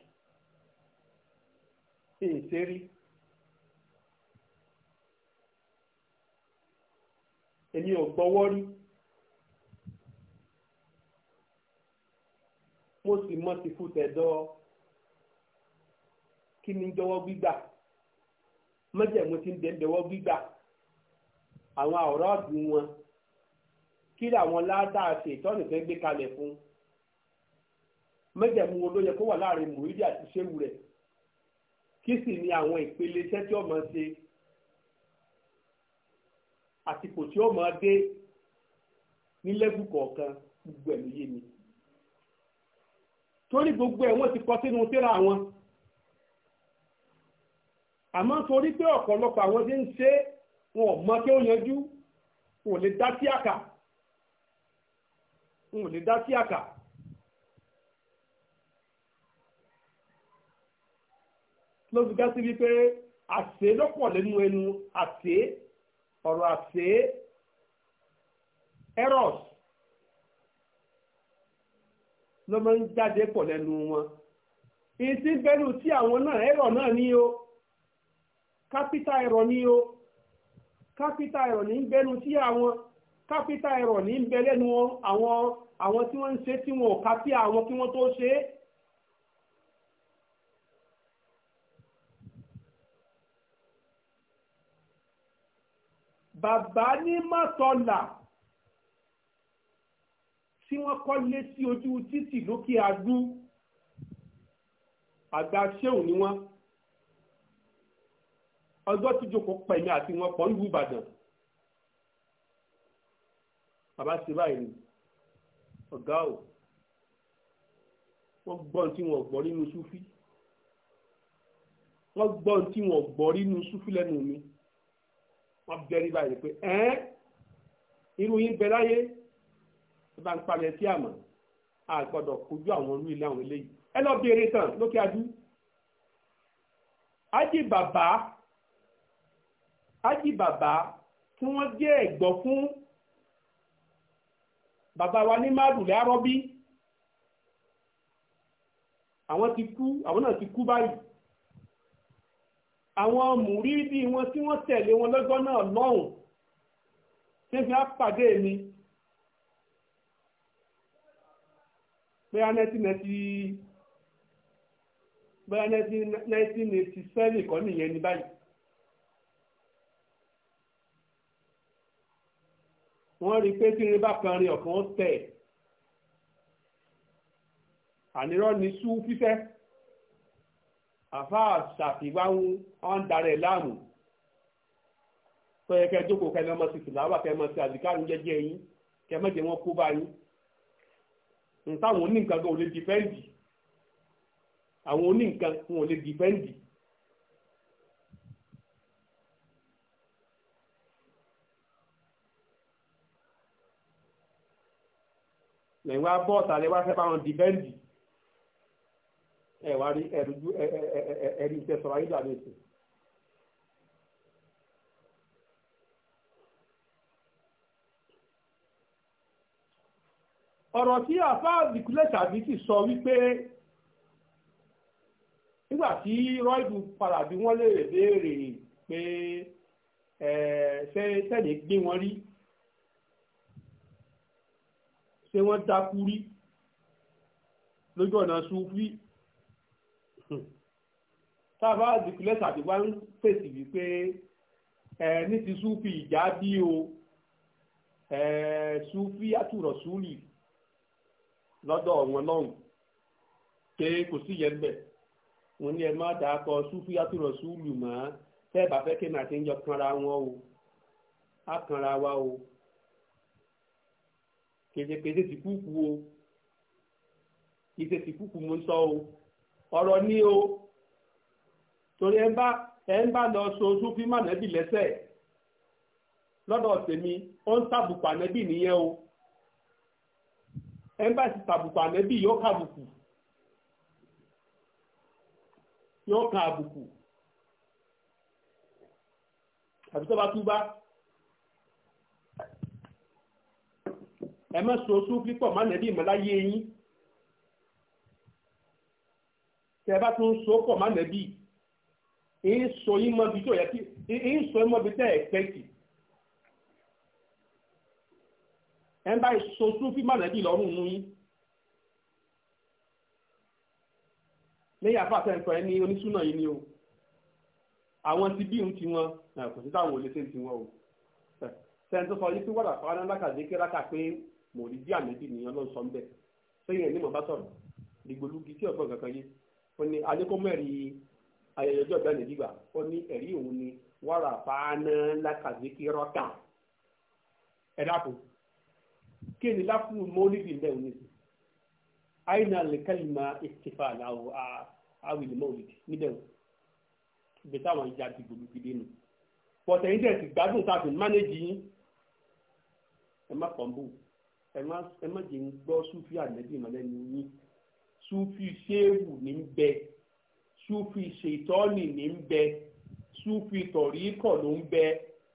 èsè rí èmi ò gbọ́wọ́ rí mo sì mọ ti fún tẹ̀dọ́ kí ni dọ́wọ́ gbígbà mọ́jẹ̀mú ti ń dẹ̀ ń dọ́wọ́ gbígbà àwọn àwòrán ọ̀dùn wọn kí làwọn ládàá ṣe ìtọ́nù fẹ́ gbé kalẹ̀ fún un mẹ́jẹ̀mú wo ló yẹ kó wà láàrin mùrídì àti ṣéwù rẹ̀ kí sì ni àwọn ìpele iṣẹ́ tí ó máa ṣe àsìkò tí ó máa dé ní lẹ́bù kọ̀ọ̀kan gbogbo ẹ̀ ló yé mi torí gbogbo ẹ̀ wọ́n ti kọ sínú tírà wọn àmọ́ torí pé ọ̀pọ̀lọpọ̀ àwọn tí ń ṣe wọn ò mọ kí ó yanjú wọn ò lè dá sí àkà wọn ò lè dá sí àkà. ló fi gá sí wípé àṣẹ lọ́pọ̀ lẹ́nu ẹnu àṣẹ ọ̀rọ̀ àṣẹ errors ló máa ń jáde pọ̀ lẹ́nu wọn ìsí bẹ́lú tí àwọn náà ẹ̀rọ náà ní o kápítà ẹ̀rọ ní o kápítà ẹ̀rọ ní bẹ́nu tí àwọn kápítà ẹ̀rọ ní bẹ lẹ́nu àwọn àwọn tí wọ́n ń ṣe tí wọn ò ká sí àwọn kí wọ́n tó ṣe é bàbá ní mọ́tọ́là tí wọ́n kọ́lé sí ojú títì lókè agbú àgbà ṣéun ni wọ́n ọjọ́ tí jókòó pẹ̀lú àti wọn pọ̀ nílùú Ìbàdàn bàbá ṣe báyìí ni ọ̀gá ò wọ́n gbọ́n tí wọ́n gbọ́ nínú súfí wọ́n gbọ́n tí wọ́n gbọ́ nínú súfí lẹ́nu mi wọ́n bẹ̀rẹ̀ báyìí pé ẹ́n irú yín bẹ láyé tó bá ń palẹ̀ sí àmọ́ a gbọ́dọ̀ kojú àwọn olú ilé àwọn eléyìí ẹ lọ béèrè tán lókè adú ájì bàbá ájì bàbá tí wọ́n jẹ́ ẹ̀gbọ́ fún bàbá wa ní márùlẹ̀ arọ́bí àwọn ti kú àwọn náà ti kú báyìí àwọn mùrídì wọn tí wọ́n tẹ̀lé wọn lọ́jọ́ náà lọ́hùn tí fi á pàdé mi bóyá 1990 bóyá 1987 kọ́ nìyẹn ní báyìí wọ́n rí pé tí irin bá kan rin ọ̀kan tẹ̀ ànírọ́ ni sú fífẹ́ àfáà ṣàfiwáwú wọn darẹ̀ láàmú pé kẹ jókòó kẹ mọ sí tìláwà kẹ mọ sí àdìkárù jẹ́jẹ́ yín kẹ mọ jẹ wọn kó bá yín ntáwọn oníǹkan gan ò lè dìfẹ́ǹdì àwọn oníǹkan wọn ò lè dìfẹ́ǹdì. lẹ́yìn wá bọ́ọ̀sì alẹ́ wá fẹ́ dìfẹ́ǹdì ẹ̀wà rí ẹ̀rújú ẹ̀rí iṣẹ́ sọ̀rọ̀ ayé dàbí èsì. ọ̀rọ̀ tí àfáà ìkúlẹ̀ tàbí ti sọ wípé nígbà tí rọ́ìbù padà bí wọ́n lè béèrè pé ṣe tẹ́lẹ̀ gbé wọn rí ṣé wọ́n dákú rí lójú ọ̀nà sufi tábà zikilẹ̀ tàbí wá ń fèsì wípé ẹ ní ti súfì ìjà bí o ẹ súfì àtúrọ̀ súlì lọ́dọ̀ wọn lọ́hùn pé kò sí yẹn bẹ̀ wọn ní ẹ má dàá kọ súfì àtúrọ̀ súlì mọ́ tẹ́ bá fẹ́ kí màtí ń jọ kanra wọn o á kanra wa o kèjèkèjè ti kúkú o ìṣèṣì kúkú mo sọ o ọ̀rọ̀ ní o torí ẹ bá ẹ ń bá lọ sojú fí má nẹ́bì lẹ́sẹ̀ lọ́dọ̀ tèmi ó ń tàbùkù ànẹ́bì nìyẹn o ẹ ń bá sì tàbùkù ànẹ́bì yóò kàbùkù yóò kan àbùkù àbí tó bá tú bá ẹ má sojú pípọ̀ má nẹ́bì mọ́láyé yín tẹ bá tún so pọ̀ má ń sọ yín mọ́bi tó yẹ kí ń sọ yín mọ́bi tẹ́ ẹ̀kẹ́kì ẹ̀ ń bá ìsọ súnfì mọ̀lẹ́bí lọ́rùn nù yín lẹ́yìn àfàṣẹ nǹkan ẹ̀ ní oníṣúná yìí ni o àwọn ti bí ń ti wọn kò sí táwọn olè ṣe ń ti wọn o sẹ́ni tó sọ yìí pé wọ́n àfọwọ́ náà lákàdé kíláka pé mòrí bí àmẹ́bí nìyẹn ló ń sọ ń bẹ̀ sẹ́yìn ẹ̀ ní mọ̀ bá sọ̀rọ̀ dìgbòlúgi tí ọ̀gbọ́n kankan yé ó ní adékọ́mẹ́rì ayẹyẹ ọjọ́ ìgbà ní gbígbà ó ní ẹ̀rí òun ni wàrà fáánà lákàzíkì rọ́tà ẹ dákú kí ni láfún mọ́lídì ń bẹ̀rù nísì àyìnà lẹ́kẹ́lìmọ̀ ìtìfà àláwọ̀ àwìlì mọ́lídì níbẹ̀rù ibi táwọn ìjà ti gbòmìgbìdé nù pọ̀tẹ̀ yìí dẹ̀ ti gbádùn tàbí mánéjì yín ẹ má pọ̀ ẹ má jẹ́ ń gbọ́ súfì ànẹ́bì mọ́lẹ́nu yín súfì ṣéèwù ní bẹ́ẹ̀ Sufi ṣètọ́nì ní ń bẹ súfì tọ̀ríkọ̀ ló ń bẹ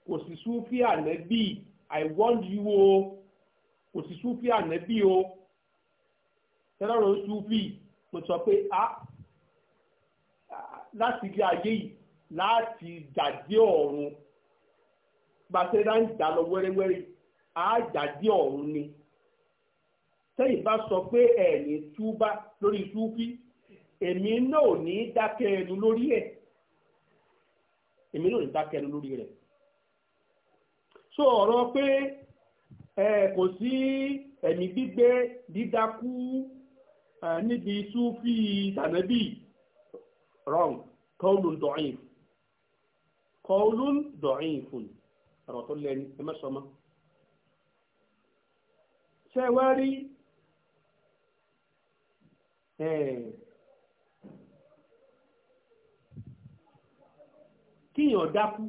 kò sí súfì ànẹ́bì i want you o kò sí súfì ànẹ́bì o tẹ́lọ̀rọ̀ súfì mo sọ pé a ah, láti ilé ayé yìí láti jàdí ọ̀run gbàtẹ́ náà ń jà lọ wẹ́rẹ́wẹ́rẹ́ a jàdí ọ̀run ni tẹ́yìn bá sọ pé ẹ̀ ní túbá lórí súfì èmi náà ò ní dákẹ́ ẹnu lórí ẹ̀ èmi náà ò ní dákẹ́ ẹnu lórí rẹ̀ so ọ̀rọ̀ pé ẹ kò sí ẹ̀mí gbígbé dídákú níbi súfì tànàbí wrong kọ́ọ̀lù dọ̀yìn kọ́ọ̀lù dọ̀yìn fún ọ̀rọ̀ tó lẹ́ni ẹ má mọ́ ṣé wá rí ẹ̀ẹ́. kíyàn dákú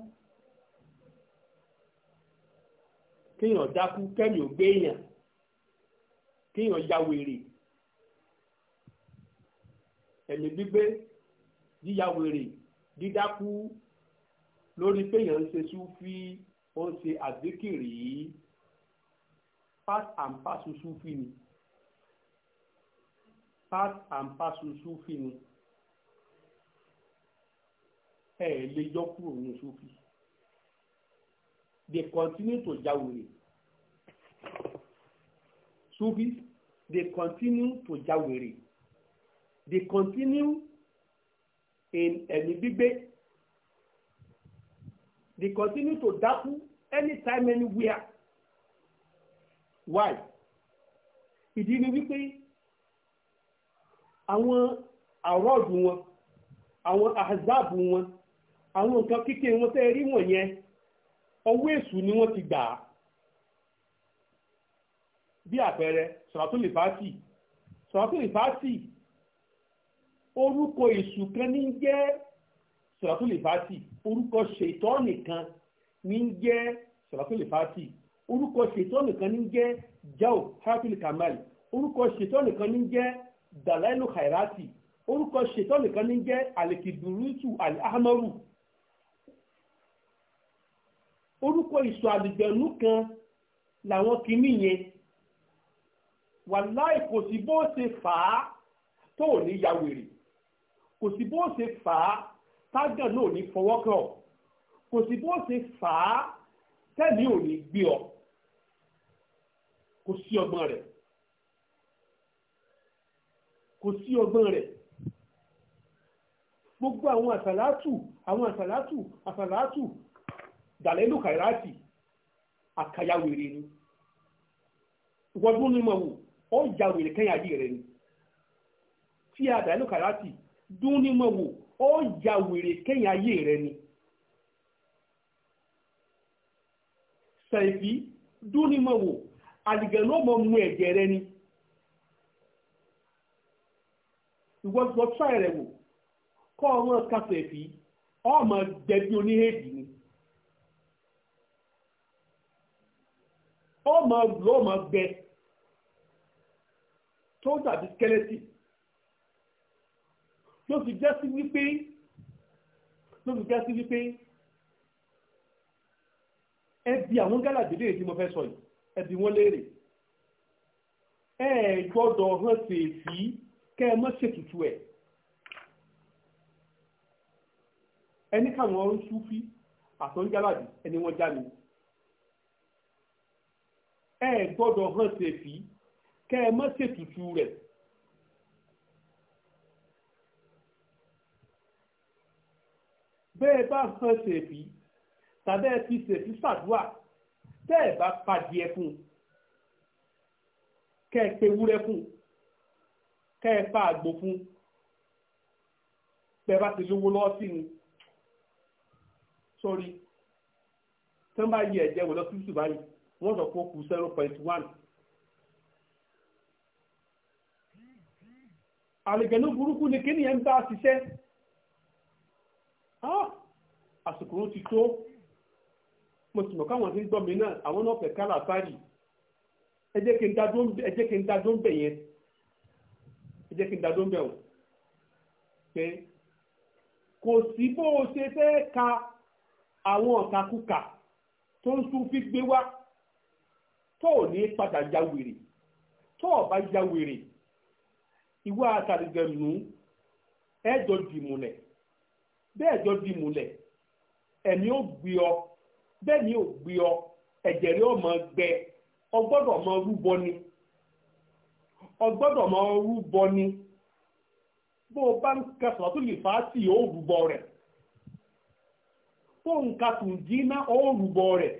kíyàn dákú kẹ́mi ò gbé èèyàn kíyàn ya wèrè ẹ̀mí gbígbé yíya wèrè dídákú lórí péyàn ń ṣe súfí ó ń ṣe àdékèrè yìí part and parcel súfí ni part and parcel súfí ni ẹ̀ lè yọ kúrò nínú sófì they continue to jáwèrè sófì they continue to jáwèrè they continue in ẹ̀mí gbígbé they continue to dákú anytime anywhere why ìdí ni wípé àwọn àrọ́ọ̀dù wọn àwọn àzáàbù wọn àwọn nǹkan kékeré wọn tẹ́ rí wọ̀nyẹn ọwọ́ èṣù ni wọ́n ti gbà á bí àpẹẹrẹ sọ̀rọ̀tún lìfàásì sọ̀rọ̀tún lìfàásì orúkọ èṣù kan ní jẹ́ sọ̀rọ̀tún lìfàásì orúkọ ṣètọ́ nìkan ní jẹ́ sọ̀rọ̀tún lìfàásì orúkọ ṣètọ́ nìkan ní jẹ́ jao haratul kamal orúkọ ṣètọ́ nìkan ní jẹ́ dalailu khairati orúkọ ṣètọ́ nìkan ní jẹ́ alikidurutu alahamaru orúkọ ìsọ àlùjẹ̀nú kan làwọn kìíní yẹn wàláì kò sí bó ṣe fà á tó ò ní ya wèrè kò sí bó ṣe fà á tágàn náà ò ní fọwọ́ kàn ọ́ kò sí bó ṣe fà á tẹ́lẹ̀ ò ní gbé ọ kò sí ọgbọ́n rẹ̀ kò sí ọgbọ́n rẹ̀ gbogbo àwọn àsàlátù àwọn àsàlátù àsàlátù dàlẹ́lù kàìráàtì àkàyàwèrè ni wọ́dún ní mọ̀wù ó jà wèrè kẹ́yìn ayé rẹ̀ ni tí a dàlẹ́lù kàìráàtì dún ní mọ̀wù ó jà wèrè kẹ́yìn ayé rẹ̀ ni sẹ̀fì dún ní mọ̀wù àdìgẹ̀lú ọmọ mu ẹ̀jẹ̀ rẹ̀ ni ìwọ́dún ọ̀tún rẹ̀ wò kọ́ ọmọ kásẹ̀fì ọmọ jẹ̀bi oníhèdì ni. ó mọ ló mọ gbẹ tó dàbí skẹlẹtì ló fi jẹ́ sí wípé ló fi jẹ́ sí wípé ẹbí àwọn gálàdì léèrè tí mo fẹ́ sọ yìí ẹbí wọn léèrè ẹ gbọ́dọ̀ hàn sèèfì kẹ́ ẹ mọ́ ṣètùtù ẹ̀ ẹni káwọn ń súfí àtọ́ńgálàdì ẹni wọ́n já mi ẹ gbọ́dọ̀ hàn ṣèfì kẹ́ ẹ má ṣètùtù rẹ̀. bẹ́ẹ̀ bá hàn ṣèfì tàbí ẹ fi ṣèfì ṣàdúrà tẹ́ ẹ bá padìẹ fún un kẹ́ ẹ pe wúrẹ́ fún un kẹ́ ẹ fa àgbo fún un bẹ́ẹ̀ bá ti lówó lọ́wọ́ sí ni sọ́rí tí wọ́n bá yẹ ẹ̀jẹ̀ wò lọ sí wọ́n sọ pé ó zero point one. àlùjẹ̀nú burúkú ni kí nìyẹn bá ṣiṣẹ́ àsìkò ó ti tó mo sì mọ̀ káwọn tí ń gbọ́ mi náà àwọn náà fẹ́ kálà fárì ẹ jẹ́ kí n dájọ́ ń bẹ̀ yẹn ẹ jẹ́ kí n dájọ́ ń bẹ̀ wọ̀ pé kò sí bó o ṣe fẹ́ ka àwọn ọ̀tàkùkà tó ń sún fi gbé wá tó ò ní ya wèrè o ya wèrè ìwà àtàlìjẹ̀nù ẹ̀jọ̀ dìmùlẹ̀ bẹ́ẹ̀ jọ dìmùlẹ̀ ẹ̀mí ò gbé ọ ni ó gbi ọ ẹ̀jẹ̀ rẹ ò gbẹ ọ gbọ́dọ̀ mọ rúbọ ni ọ gbọ́dọ̀ rúbọ ni bó o bá ń kẹsàn tó lè fà á sí bó o ń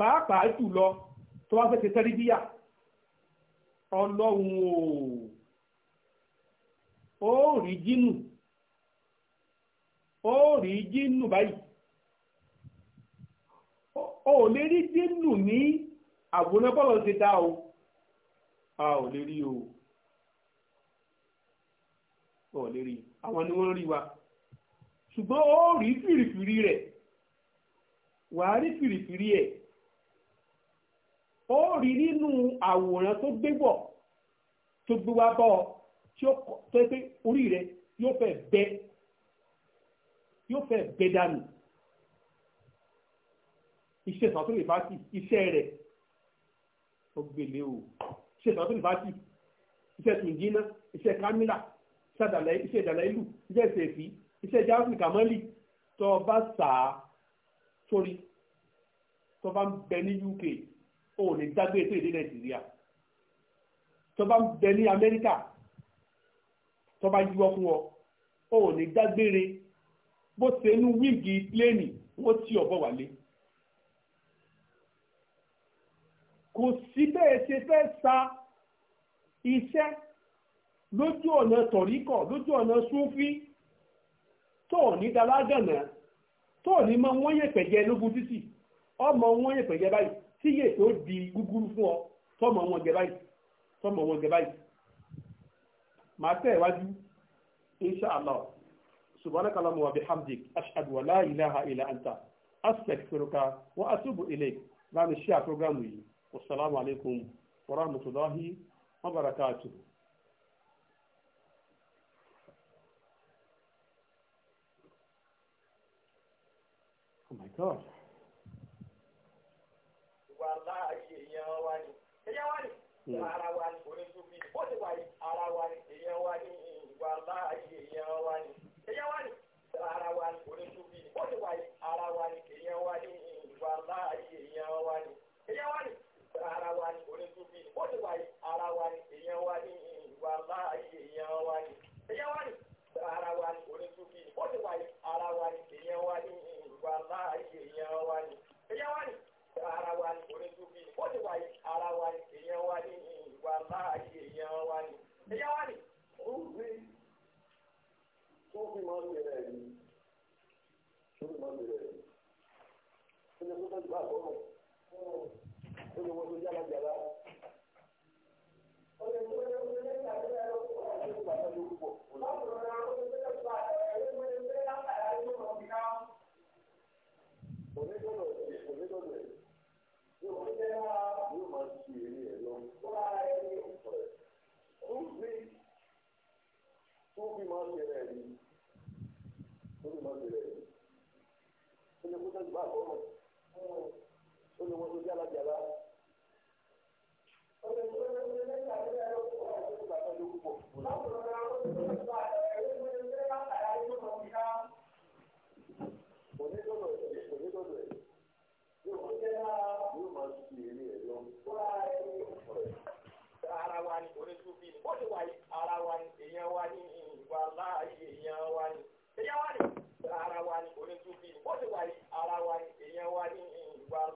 pàápàá jùlọ tó wá fẹ́ ṣe tẹ́rìbíyà ọlọ́run o ó rí jínù ó rí jínù báyìí ó lè rí jínù ní àwòrán bọ́lọ̀ ti dá o a ò lè rí o ò lè rí àwọn ni wọ́n rí wa ṣùgbọ́n ó rí fìrìfìrì rẹ̀ wàá rí fìrìfìrí ẹ̀. ó rí nínú àwòrán tó gbé bọ̀ tó gbé wá bọ̀ tí ó tẹ́ pé orí rẹ yóò fẹ́ bẹ́ yóò fẹ́ bẹ́ dànù iṣẹ́ sàtún lè fásitì iṣẹ́ rẹ̀ ó gbélé o iṣẹ́ sàtún lè fásitì iṣẹ́ tùǹjínà iṣẹ́ kámílà iṣẹ́ ìdàlẹ́ ìlú iṣẹ́ ìṣèfì iṣẹ́ jáfì kàmọ́lì tó bá sàá sórí tó bá ń bẹ ní UK ò ní dágbére tó èdè nàìjíríà tó bá ń bẹ ní amẹ́ríkà tó bá yíwọ́ fún ọ ò ní dágbére bó ṣe inú wíìgì pléènì wọ́n ti ọ̀bọ̀ wálé kò sí bẹ́ẹ̀ ṣe fẹ́ sa iṣẹ́ lójú ọ̀nà tọ̀ríkọ̀ lójú ọ̀nà súnfí tó ní dalágànà tó ní mọ wọ́n yẹ̀pẹ̀jẹ lógún títì ọmọ wọ́n yẹ̀pẹ̀jẹ báyìí tíyè tó di gúgúrú fún ọ tọmọ wọn gẹ báyìí tọmọ wọn gẹ insha allah subhanaka allahumma wa bihamdik wa laayi ilaha illa anta astaghfiruka wa asubu ilayk bá mi ṣe àpérógámù yìí wasalaamu alaykum wa rahmatulahi wa ara wa ni oníṣòfì bó ti wà yìí ara wa ni èèyàn wa ni ìwà láàyè èèyàn wa ni èèyàn wa ni ara wa ni oníṣòfì bó ti wà yìí ara wa ni èèyàn wa ni ìwà láàyè èèyàn wa ni èèyàn wa ni ara wa ni oníṣòfì bó ti wà yìí ara wa ni èèyàn wa ni ìwà láàyè èèyàn wa wa ni ara wa ni ara wa ni èèyàn wa ni ìwà láàyè wa ni èèyàn wa ni ara wa ni oníṣòfì bó ti wà wa ni èèyàn wá ní ìwà láàyè èèyàn wá ní èèyàn wá ní. ó fi ó fi máa ń bẹ̀rẹ̀ ẹ̀yìn ó fi máa ń bẹ̀rẹ̀ ẹ̀yìn ó ní kókó ìgbà àgbọ̀ mọ̀ ó ní wọ́n tó yára jàrá. ó ní kókó ìgbà àgbọ̀ mọ̀ ó ní kókó ìgbà àgbọ̀ mọ̀. Por eso tó fi máa ṣe rẹ̀ rí tó fi máa ṣe rẹ̀ rí ó lè kó sẹ́yìn bá àkọ́mọ̀ ó tó lè ṣe tó jẹ́ yóò máa ṣe eré ẹ̀ lọ. ara wa ni ara wa ni èèyàn wa ni wà láàyè èèyàn wa ni èèyàn wa ni ara wa ni onítúbí ni bó ti wà yìí ara wa ni èèyàn wa ni ìwà